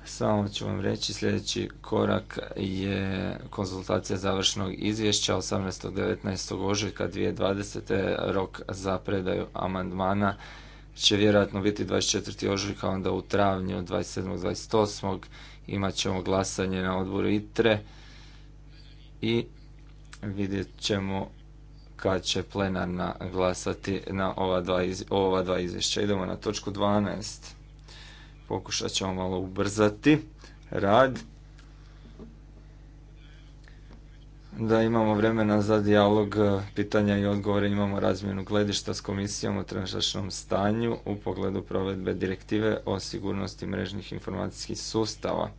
Samo ću vam reći, sljedeći korak je konzultacija završnog izvješća 18. 19. ožujka 2020. Rok za predaju amandmana će vjerojatno biti 24. ožujka, onda u travnju 27. 28. imat ćemo glasanje na odboru ITRE i vidjet ćemo kad će plenarna glasati na ova dva, ova dva izvješća. Idemo na točku 12. Pokušat ćemo malo ubrzati rad. Da imamo vremena za dijalog, pitanja i odgovore, imamo razmjenu gledišta s komisijom o trenutačnom stanju u pogledu provedbe direktive o sigurnosti mrežnih informacijskih sustava.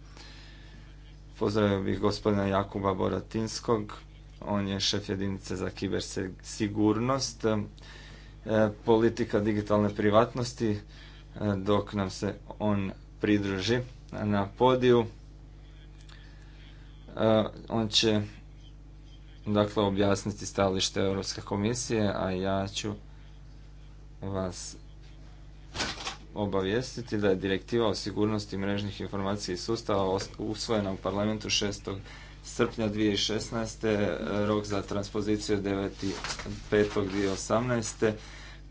Pozdravio bih gospodina Jakuba Boratinskog, on je šef jedinice za kibersigurnost, e, politika digitalne privatnosti, dok nam se on pridruži na podiju. E, on će dakle objasniti stalište Europske komisije, a ja ću vas obavijestiti da je direktiva o sigurnosti mrežnih informacija i sustava usvojena u parlamentu 6. srpnja 2016. Rok za transpoziciju 2018.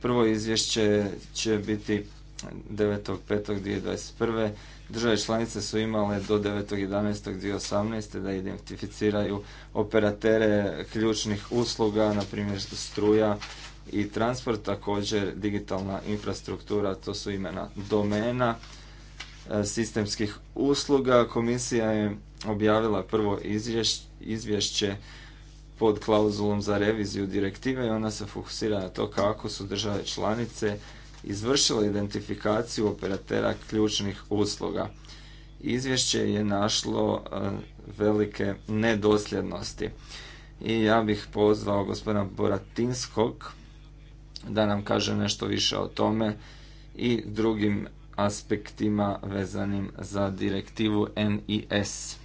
Prvo izvješće će biti 9.5.2021. Države članice su imale do 9.11.2018. da identificiraju operatere ključnih usluga, na primjer struja i transport, također digitalna infrastruktura, to su imena domena, e, sistemskih usluga. Komisija je objavila prvo izvješće pod klauzulom za reviziju direktive i ona se fokusira na to kako su države članice izvršila identifikaciju operatera ključnih usluga. Izvješće je našlo e, velike nedosljednosti. I ja bih pozvao gospodina Boratinskog da nam kaže nešto više o tome i drugim aspektima vezanim za direktivu NIS.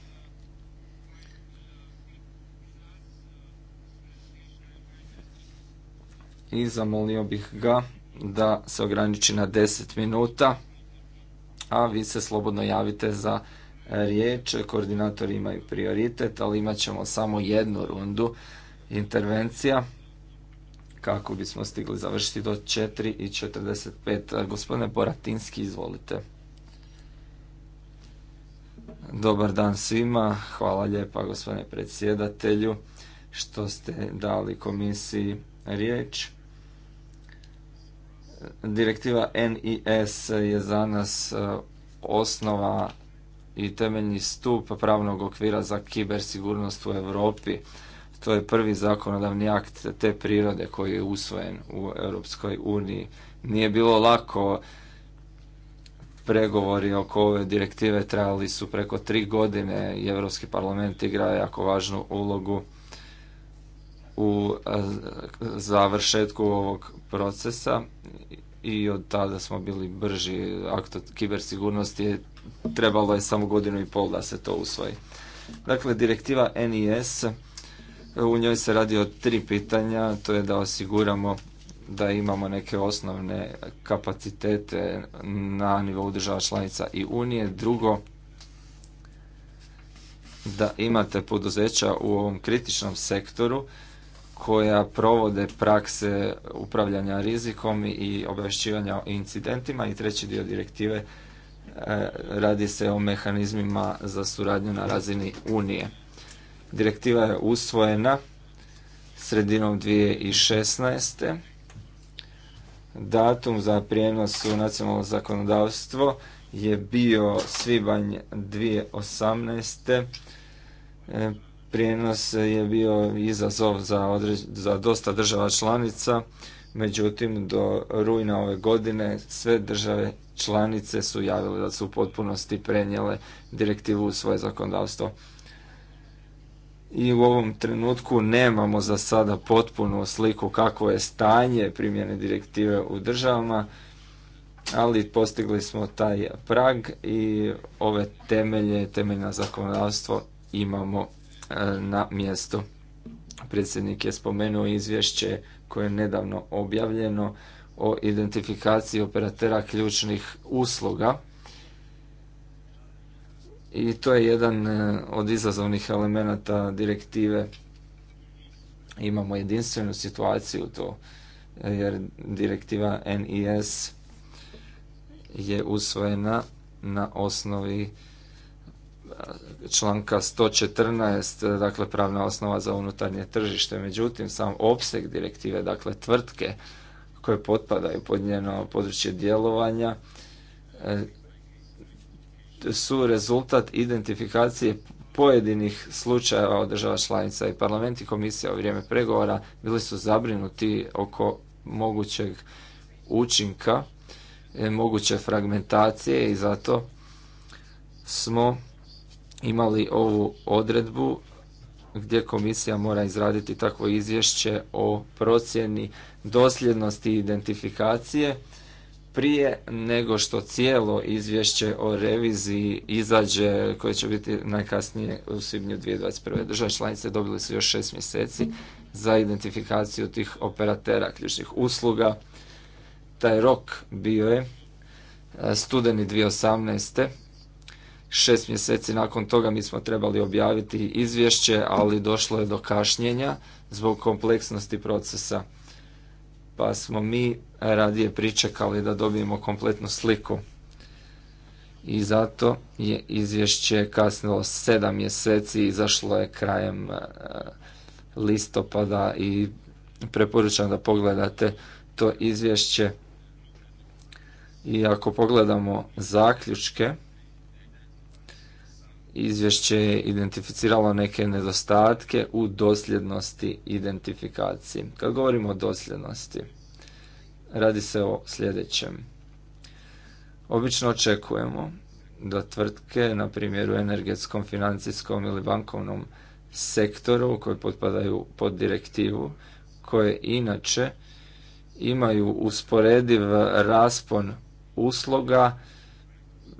I zamolio bih ga da se ograniči na 10 minuta, a vi se slobodno javite za riječ. Koordinatori imaju prioritet, ali imat ćemo samo jednu rundu intervencija kako bismo stigli završiti do 4 i 45. Gospodine Boratinski, izvolite. Dobar dan svima, hvala lijepa gospodine predsjedatelju što ste dali komisiji riječ. Direktiva NIS je za nas e, osnova i temeljni stup pravnog okvira za kibersigurnost u Europi. To je prvi zakonodavni akt te prirode koji je usvojen u Europskoj uniji. Nije bilo lako pregovori oko ove direktive trajali su preko tri godine i Europski parlament igra jako važnu ulogu u završetku ovog procesa i od tada smo bili brži. Akt od kibersigurnosti je, trebalo je samo godinu i pol da se to usvoji. Dakle, direktiva NIS, u njoj se radi o tri pitanja, to je da osiguramo da imamo neke osnovne kapacitete na nivou država članica i Unije. Drugo, da imate poduzeća u ovom kritičnom sektoru koja provode prakse upravljanja rizikom i obavješćivanja o incidentima i treći dio direktive e, radi se o mehanizmima za suradnju na razini Unije. Direktiva je usvojena sredinom 2016. Datum za prijenos u nacionalno zakonodavstvo je bio svibanj 2018 prijenos je bio izazov za, za dosta država članica, međutim do rujna ove godine sve države članice su javile da su u potpunosti prenijele direktivu u svoje zakonodavstvo. I u ovom trenutku nemamo za sada potpunu sliku kako je stanje primjene direktive u državama, ali postigli smo taj prag i ove temelje, temeljna zakonodavstvo imamo E, na mjestu. Predsjednik je spomenuo izvješće koje je nedavno objavljeno o identifikaciji operatera ključnih usluga. I to je jedan e, od izazovnih elemenata direktive. Imamo jedinstvenu situaciju to e, jer direktiva NIS je usvojena na osnovi članka 114, dakle pravna osnova za unutarnje tržište. Međutim, sam opseg direktive, dakle tvrtke koje potpadaju pod njeno područje djelovanja, e, su rezultat identifikacije pojedinih slučajeva od država članica i parlament i komisija u vrijeme pregovora bili su zabrinuti oko mogućeg učinka, e, moguće fragmentacije i zato smo imali ovu odredbu gdje komisija mora izraditi takvo izvješće o procjeni dosljednosti identifikacije prije nego što cijelo izvješće o reviziji izađe koje će biti najkasnije u svibnju 2021. Države članice dobili su još šest mjeseci za identifikaciju tih operatera ključnih usluga. Taj rok bio je e, studeni 2018 šest mjeseci nakon toga mi smo trebali objaviti izvješće, ali došlo je do kašnjenja zbog kompleksnosti procesa. Pa smo mi radije pričekali da dobijemo kompletnu sliku. I zato je izvješće kasnilo sedam mjeseci, izašlo je krajem e, listopada i preporučam da pogledate to izvješće. I ako pogledamo zaključke, izvješće je identificiralo neke nedostatke u dosljednosti identifikaciji. Kad govorimo o dosljednosti, radi se o sljedećem. Obično očekujemo da tvrtke, na primjer u energetskom, financijskom ili bankovnom sektoru koje potpadaju pod direktivu, koje inače imaju usporediv raspon usloga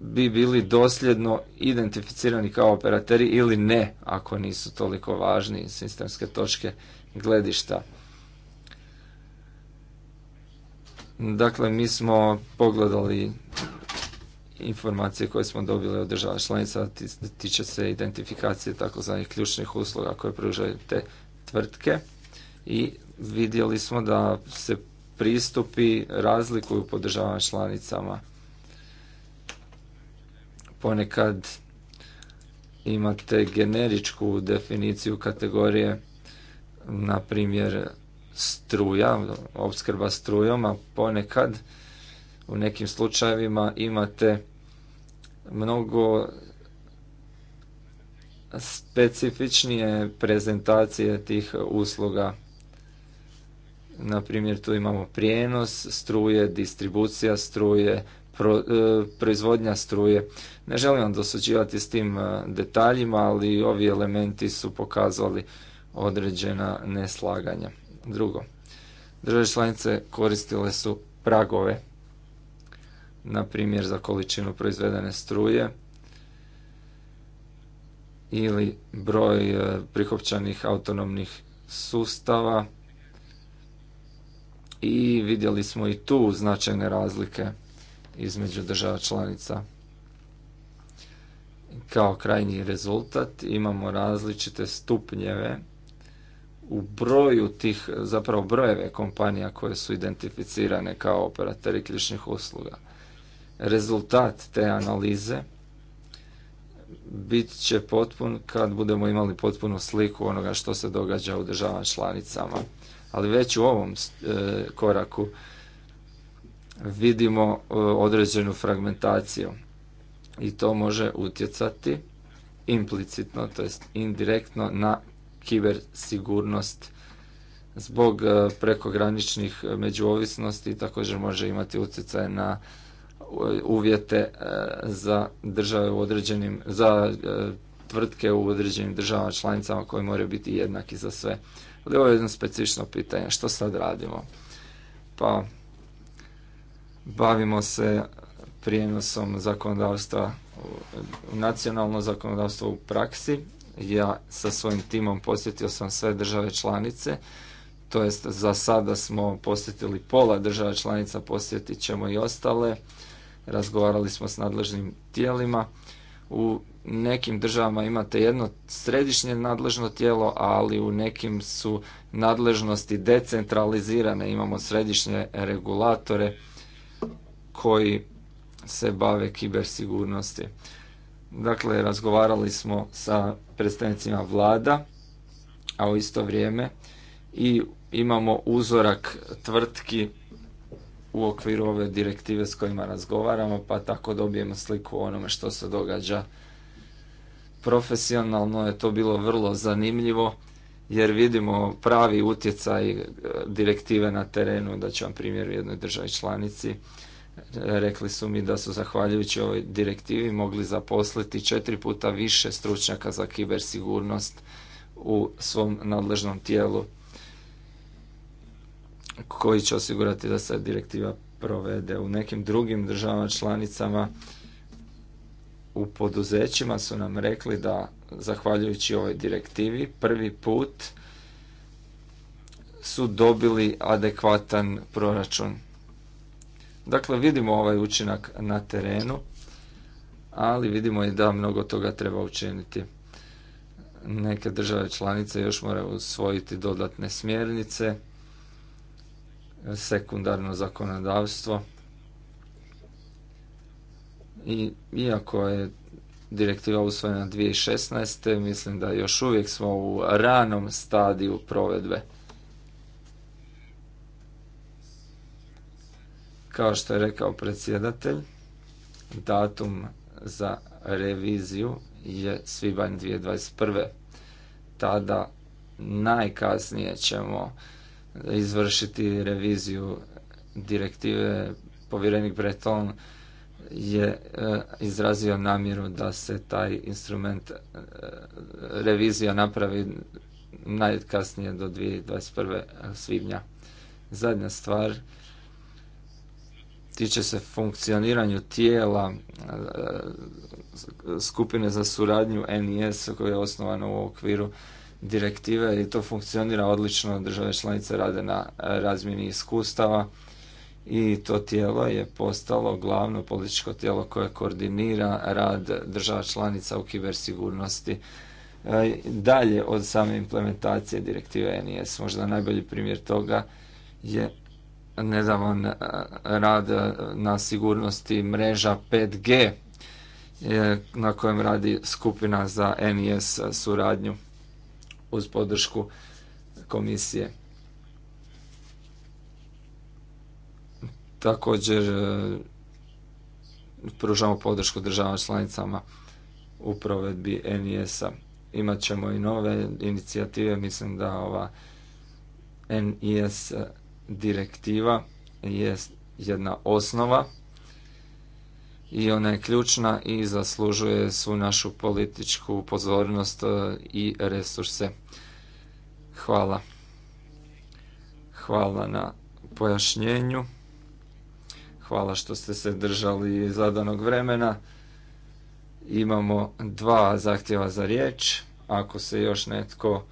bi bili dosljedno identificirani kao operateri ili ne, ako nisu toliko važni sistemske točke gledišta. Dakle, mi smo pogledali informacije koje smo dobili od država članica, tiče se identifikacije takozvanih ključnih usluga koje pružaju te tvrtke i vidjeli smo da se pristupi razlikuju po državama članicama Ponekad imate generičku definiciju kategorije, na primjer struja, opskrba strujom, a ponekad u nekim slučajevima imate mnogo specifičnije prezentacije tih usluga. Na primjer, tu imamo prijenos struje, distribucija struje, pro, e, proizvodnja struje. Ne želim vam dosuđivati s tim e, detaljima, ali ovi elementi su pokazali određena neslaganja. Drugo, države članice koristile su pragove, na primjer za količinu proizvedene struje ili broj e, prihopćanih autonomnih sustava i vidjeli smo i tu značajne razlike između država članica. Kao krajnji rezultat imamo različite stupnjeve u broju tih, zapravo brojeve kompanija koje su identificirane kao operateri ključnih usluga. Rezultat te analize bit će potpun kad budemo imali potpunu sliku onoga što se događa u državama članicama. Ali već u ovom e, koraku vidimo e, određenu fragmentaciju i to može utjecati implicitno, to jest indirektno na kibersigurnost zbog e, prekograničnih e, međuovisnosti također može imati utjecaj na uvjete za države u određenim, za tvrtke u određenim državama članicama koji moraju biti jednaki za sve. Ali ovo je jedno specifično pitanje, što sad radimo? Pa Bavimo se prijenosom zakonodavstva u nacionalno zakonodavstvo u praksi. Ja sa svojim timom posjetio sam sve države članice, to jest za sada smo posjetili pola država članica, posjetit ćemo i ostale. Razgovarali smo s nadležnim tijelima. U nekim državama imate jedno središnje nadležno tijelo, ali u nekim su nadležnosti decentralizirane. Imamo središnje regulatore koji se bave kibersigurnosti. Dakle, razgovarali smo sa predstavnicima vlada, a u isto vrijeme i imamo uzorak tvrtki u okviru ove direktive s kojima razgovaramo, pa tako dobijemo sliku o onome što se događa. Profesionalno je to bilo vrlo zanimljivo, jer vidimo pravi utjecaj e, direktive na terenu, da ću vam primjer u jednoj državi članici, Rekli su mi da su zahvaljujući ovoj direktivi mogli zaposliti četiri puta više stručnjaka za kibersigurnost u svom nadležnom tijelu koji će osigurati da se direktiva provede. U nekim drugim državama članicama u poduzećima su nam rekli da zahvaljujući ovoj direktivi prvi put su dobili adekvatan proračun. Dakle, vidimo ovaj učinak na terenu, ali vidimo i da mnogo toga treba učiniti. Neke države članice još moraju usvojiti dodatne smjernice, sekundarno zakonodavstvo. I iako je direktiva usvojena 2016. mislim da još uvijek smo u ranom stadiju provedbe. Kao što je rekao predsjedatelj, datum za reviziju je svibanj 2021. Tada najkasnije ćemo izvršiti reviziju direktive. Povjerenik Breton je e, izrazio namjeru da se taj instrument e, revizija napravi najkasnije do 2021. svibnja. Zadnja stvar tiče se funkcioniranju tijela e, skupine za suradnju NIS koja je osnovana u okviru direktive i to funkcionira odlično, države članice rade na razmjeni iskustava i to tijelo je postalo glavno političko tijelo koje koordinira rad država članica u kibersigurnosti e, dalje od same implementacije direktive NIS. Možda najbolji primjer toga je nedavan eh, rad eh, na sigurnosti mreža 5G na kojem radi skupina za NIS suradnju uz podršku komisije. Također eh, pružamo podršku državama članicama u provedbi NIS-a. Imat ćemo i nove inicijative, mislim da ova NIS direktiva je jedna osnova i ona je ključna i zaslužuje svu našu političku pozornost e, i resurse. Hvala. Hvala na pojašnjenju. Hvala što ste se držali zadanog vremena. Imamo dva zahtjeva za riječ. Ako se još netko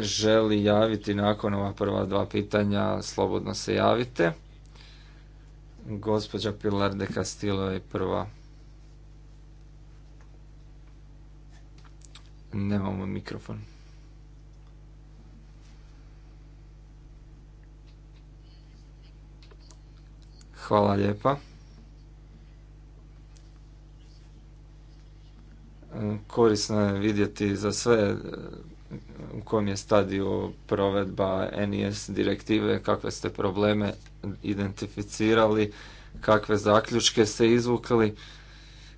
želi javiti nakon ova prva dva pitanja, slobodno se javite. Gospođa Pilar de Castillo je prva. Nemamo mikrofon. Hvala lijepa. Korisno je vidjeti za sve u kojem je stadiju provedba NIS direktive, kakve ste probleme identificirali, kakve zaključke ste izvukli.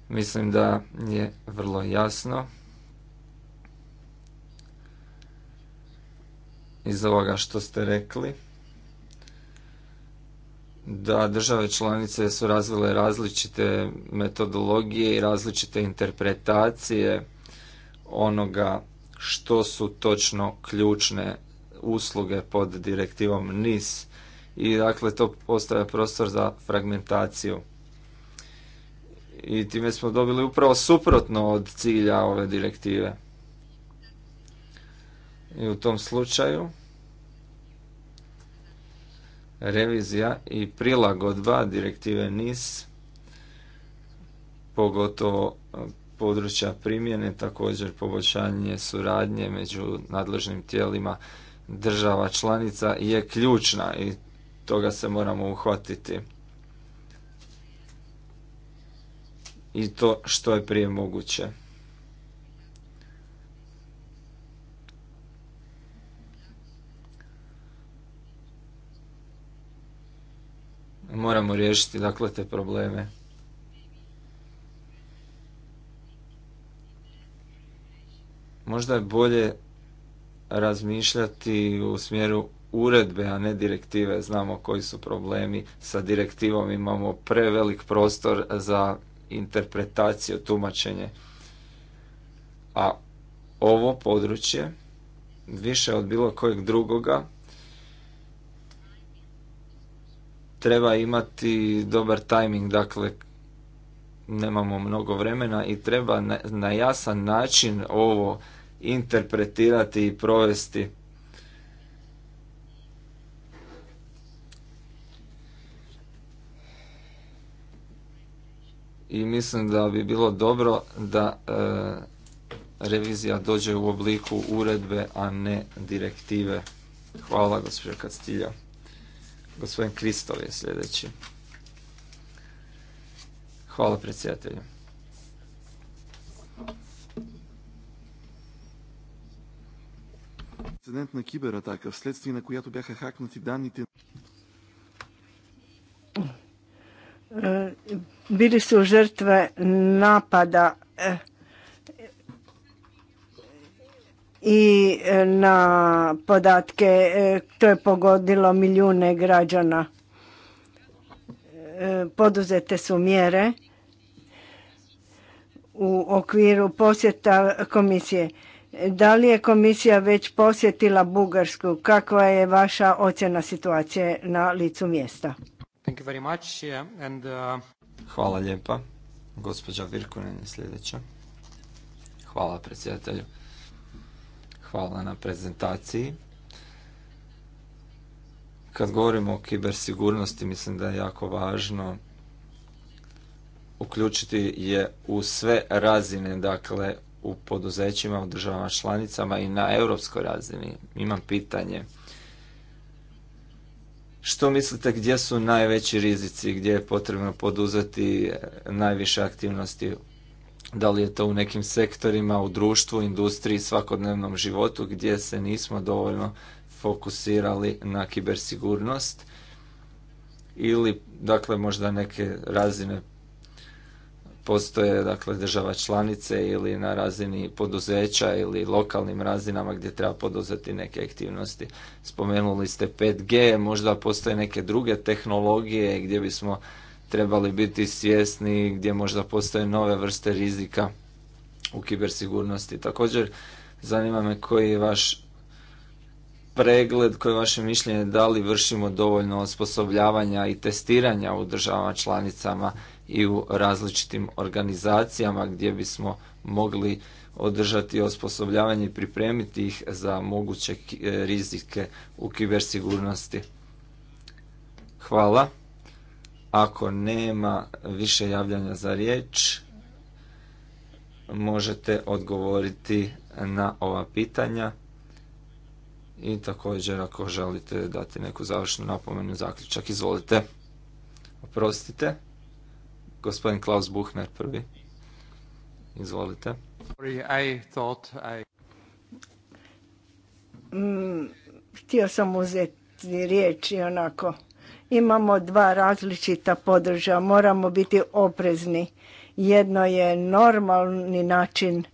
Mislim da je vrlo jasno iz ovoga što ste rekli da države članice su razvile različite metodologije i različite interpretacije onoga što su točno ključne usluge pod direktivom NIS i dakle to postaje prostor za fragmentaciju. I time smo dobili upravo suprotno od cilja ove direktive. I u tom slučaju revizija i prilagodba direktive NIS pogotovo područja primjene, također poboljšanje suradnje među nadležnim tijelima država članica je ključna i toga se moramo uhvatiti. I to što je prije moguće. Moramo riješiti dakle te probleme. Možda je bolje razmišljati u smjeru uredbe, a ne direktive. Znamo koji su problemi sa direktivom, imamo prevelik prostor za interpretaciju, tumačenje. A ovo područje, više od bilo kojeg drugoga, treba imati dobar tajming, dakle nemamo mnogo vremena i treba na jasan način ovo interpretirati i provesti. I mislim da bi bilo dobro da e, revizija dođe u obliku uredbe, a ne direktive. Hvala gospođa Kastilja. Gospodin Kristov je sljedeći. Hvala predsjedatelju. Инцидентна кибератака, вследствие на която бяха хакнати данните. Bili su žrtve napada i na podatke, to je pogodilo milijune građana. Poduzete su mjere u okviru posjeta komisije da li je komisija već posjetila Bugarsku? Kakva je vaša ocjena situacije na licu mjesta? Thank you uh, Hvala lijepa. Gospođa Virkunen je sljedeća. Hvala predsjedatelju. Hvala na prezentaciji. Kad govorimo o kibersigurnosti, mislim da je jako važno uključiti je u sve razine, dakle u poduzećima, u državama članicama i na europskoj razini. Imam pitanje. Što mislite gdje su najveći rizici, gdje je potrebno poduzeti eh, najviše aktivnosti? Da li je to u nekim sektorima, u društvu, industriji, svakodnevnom životu gdje se nismo dovoljno fokusirali na kibersigurnost ili dakle možda neke razine postoje dakle država članice ili na razini poduzeća ili lokalnim razinama gdje treba poduzeti neke aktivnosti. Spomenuli ste 5G, možda postoje neke druge tehnologije gdje bismo trebali biti svjesni, gdje možda postoje nove vrste rizika u kibersigurnosti. Također zanima me koji je vaš pregled, koje je vaše mišljenje da li vršimo dovoljno osposobljavanja i testiranja u državama članicama i u različitim organizacijama gdje bismo mogli održati osposobljavanje i pripremiti ih za moguće e, rizike u kibersigurnosti. Hvala. Ako nema više javljanja za riječ, možete odgovoriti na ova pitanja i također ako želite dati neku završnu napomenu, zaključak, izvolite. Oprostite. Gospodin Klaus Buchner prvi. Izvolite. Mm, htio sam uzeti riječ onako. Imamo dva različita podržaja, moramo biti oprezni. Jedno je normalni način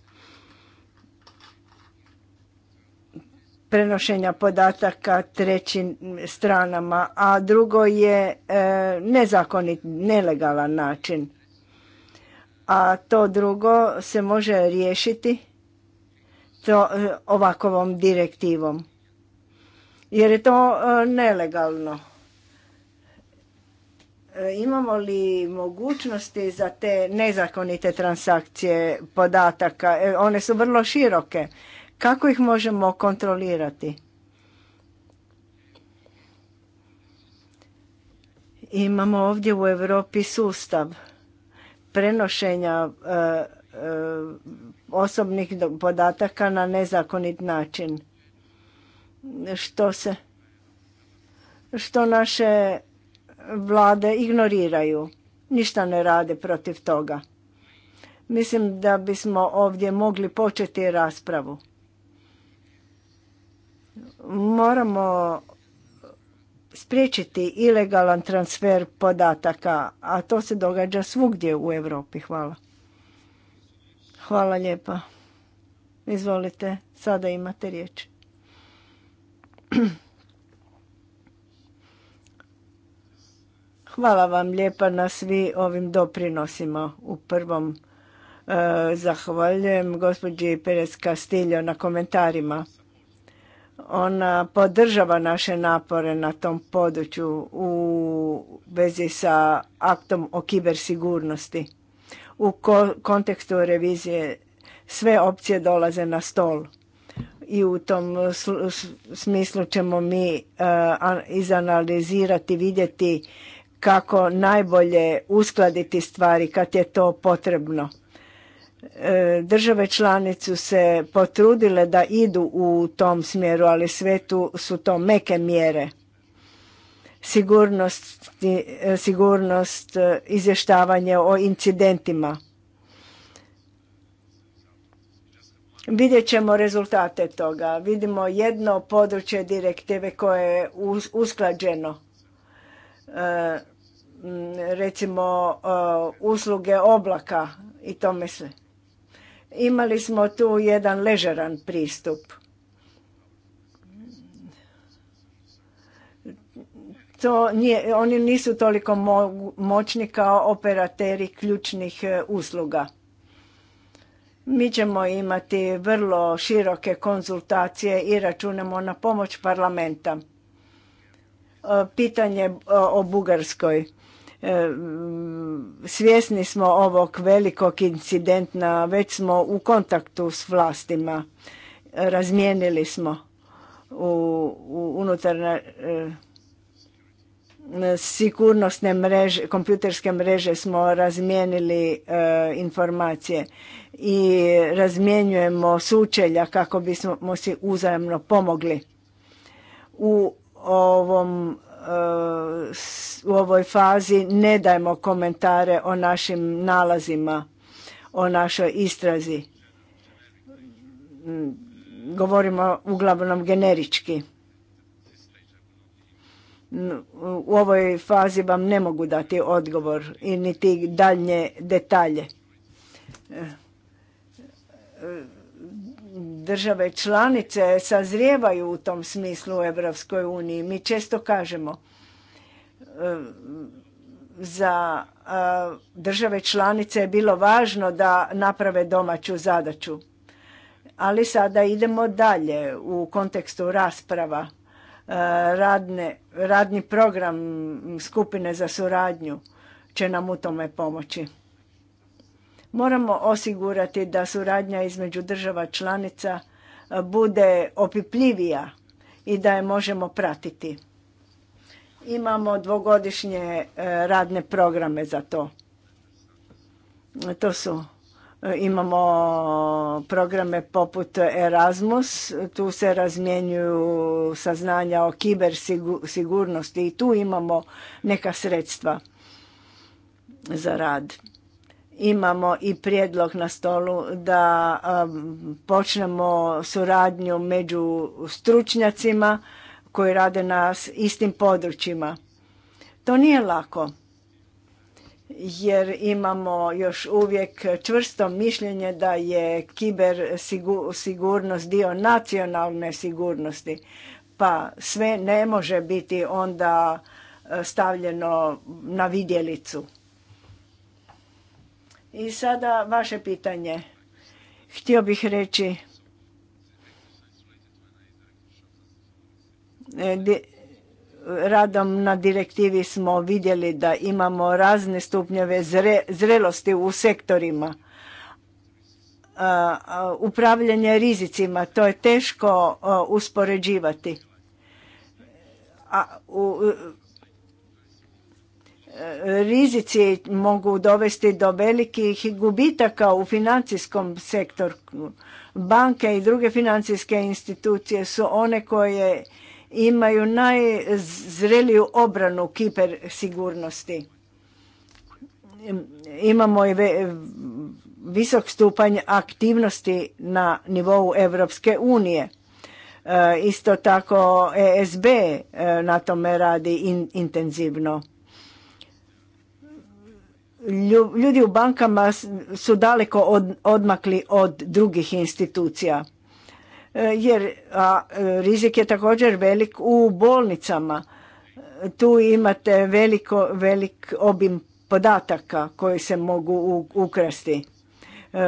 prenošenja podataka trećim stranama, a drugo je e, nezakonit, nelegalan način. A to drugo se može riješiti to e, ovakovom direktivom. Jer je to e, nelegalno. Imamo li mogućnosti za te nezakonite transakcije podataka? One su vrlo široke. Kako ih možemo kontrolirati? Imamo ovdje u Europi sustav prenošenja e, e, osobnih podataka na nezakonit način. Što se što naše vlade ignoriraju, ništa ne rade protiv toga. Mislim da bismo ovdje mogli početi raspravu. Moramo spriječiti ilegalan transfer podataka, a to se događa svugdje u Europi. Hvala. Hvala lijepa. Izvolite, sada imate riječ. Hvala vam lijepa na svi ovim doprinosima u prvom. E, zahvaljujem gospođi Perez Castillo na komentarima. Ona podržava naše napore na tom području u vezi sa aktom o kibersigurnosti. U kontekstu revizije sve opcije dolaze na stol i u tom smislu ćemo mi e, izanalizirati, vidjeti kako najbolje uskladiti stvari kad je to potrebno E, države članice se potrudile da idu u tom smjeru, ali sve su to meke mjere. E, sigurnost, sigurnost e, izvještavanje o incidentima. Vidjet ćemo rezultate toga. Vidimo jedno područje direktive koje je usklađeno. recimo usluge oblaka i to misle. Imali smo tu jedan ležeran pristup. To nije, oni nisu toliko moćni kao operateri ključnih e, usluga. Mi ćemo imati vrlo široke konzultacije i računamo na pomoć parlamenta. E, pitanje e, o Bugarskoj E, mm, svjesni smo ovog velikog incidenta, već smo u kontaktu s vlastima, razmijenili smo u, u unutar e, sigurnosne mreže, kompjuterske mreže smo razmijenili e, informacije i razmjenjujemo sučelja kako bismo si uzajamno pomogli. U ovom u ovoj fazi ne dajemo komentare o našim nalazima, o našoj istrazi. Mm, govorimo uglavnom generički. Mm, u ovoj fazi vam ne mogu dati odgovor i niti daljnje detalje e, e, države članice sazrijevaju u tom smislu u Europskoj uniji. Mi često kažemo e, za e, države članice je bilo važno da naprave domaću zadaću. Ali sada idemo dalje u kontekstu rasprava. E, radne, radni program skupine za suradnju će nam u tome pomoći. Moramo osigurati da suradnja između država članica e, bude opipljivija i da je možemo pratiti. Imamo dvogodišnje e, radne programe za to. To su e, imamo programe poput Erasmus, tu se razmjenjuju saznanja o kibersigurnosti i tu imamo neka sredstva za rad imamo i prijedlog na stolu da um, počnemo suradnju među stručnjacima koji rade na istim područjima. To nije lako jer imamo još uvijek čvrsto mišljenje da je kiber sigurnost dio nacionalne sigurnosti, pa sve ne može biti onda uh, stavljeno na vidjelicu. I sada vaše pitanje. Htio bih reći e, radom na direktivi smo vidjeli da imamo razne stupnjeve zrelosti u sektorima. Upravljanje rizicima, to je teško uspoređivati. A u rizici mogu dovesti do velikih gubitaka u financijskom sektoru. Banke i druge financijske institucije su one koje imaju najzreliju obranu kiper sigurnosti. Imamo i visok stupanj aktivnosti na nivou Europske unije. E, isto tako ESB e, na tome radi intenzivno ljudi u bankama su daleko od, odmakli od drugih institucija e, jer a, rizik je također velik u bolnicama e, tu imate veliko, velik obim podataka koji se mogu ukrasti e,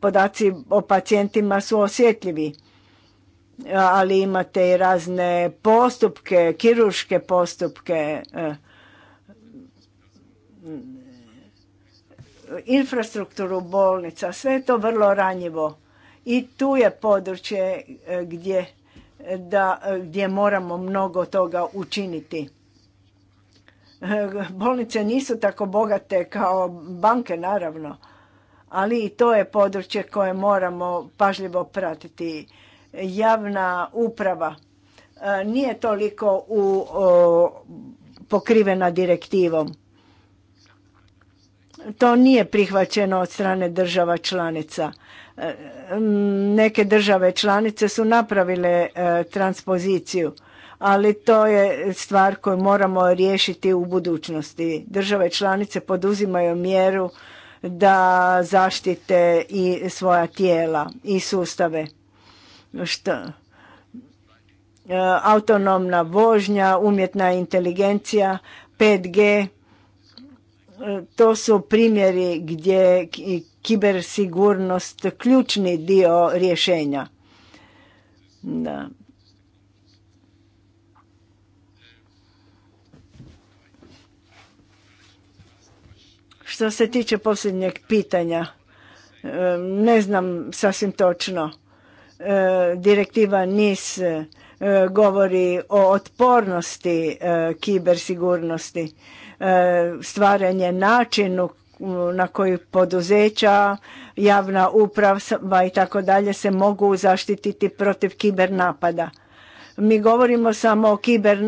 podaci o pacijentima su osjetljivi ali imate i razne postupke kiruške postupke infrastrukturu bolnica, sve je to vrlo ranjivo. I tu je područje e, gdje, e, da, e, gdje moramo mnogo toga učiniti. Bolnice nisu tako bogate kao banke, naravno, ali i to je područje koje moramo pažljivo pratiti. Javna uprava nije toliko u, pokrivena direktivom to nije prihvaćeno od strane država članica. E, neke države članice su napravile e, transpoziciju, ali to je stvar koju moramo riješiti u budućnosti. Države članice poduzimaju mjeru da zaštite i svoja tijela i sustave. Što? E, autonomna vožnja, umjetna inteligencija, 5G, to su primjeri gdje kibersigurnost ključni dio rješenja. Da. Što se tiče posljednjeg pitanja, e, ne znam sasvim točno. E, direktiva NIS e, govori o otpornosti kibersigurnosti E, stvaranje načinu na koji poduzeća, javna uprava i tako dalje se mogu zaštititi protiv kiber napada. Mi govorimo samo o kiber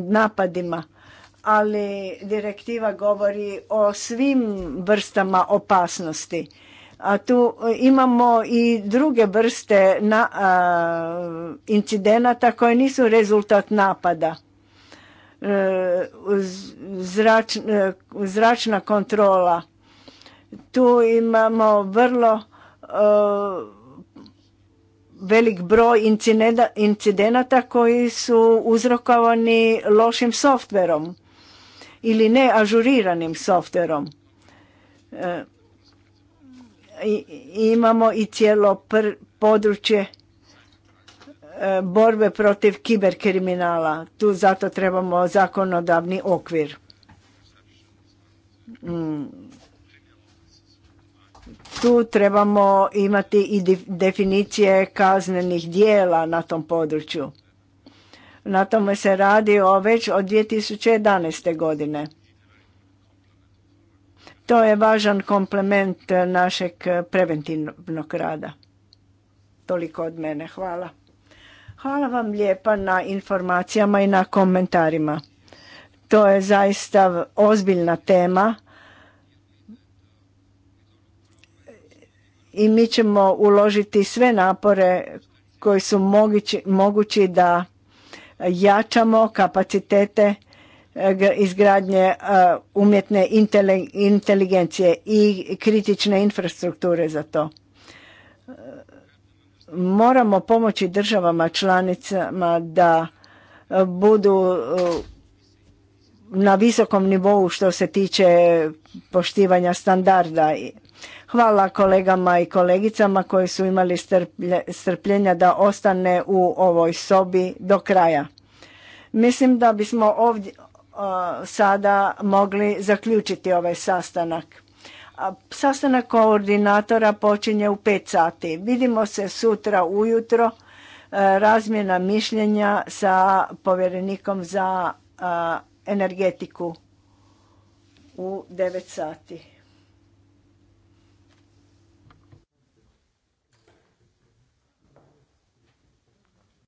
napadima, ali direktiva govori o svim vrstama opasnosti. A tu imamo i druge vrste incidenata koje nisu rezultat napada E, e, zračna kontrola. Tu imamo vrlo e, velik broj incidenata koji su uzrokovani lošim softverom ili neažuriranim softverom. Imamo i cijelo područje E, borbe protiv kiberkriminala. Tu zato trebamo zakonodavni okvir. Mm. Tu trebamo imati i definicije kaznenih dijela na tom području. Na tome se radi o već od 2011. godine. To je važan komplement našeg preventivnog rada. Toliko od mene. Hvala. Hvala vam lijepa na informacijama i na komentarima. To je zaista ozbiljna tema. I mi ćemo uložiti sve napore koji su mogući, da jačamo kapacitete e, izgradnje e, umjetne inteligencije i kritične infrastrukture za to moramo pomoći državama članicama da e, budu e, na visokom nivou što se tiče poštivanja standarda. Hvala kolegama i kolegicama koji su imali strpljenja da ostane u ovoj sobi do kraja. Mislim da bismo ovdje e, sada mogli zaključiti ovaj sastanak. Sastanak koordinatora počinje u 5 sati. Vidimo se sutra ujutro e, razmjena mišljenja sa povjerenikom za energetiku u 9 sati.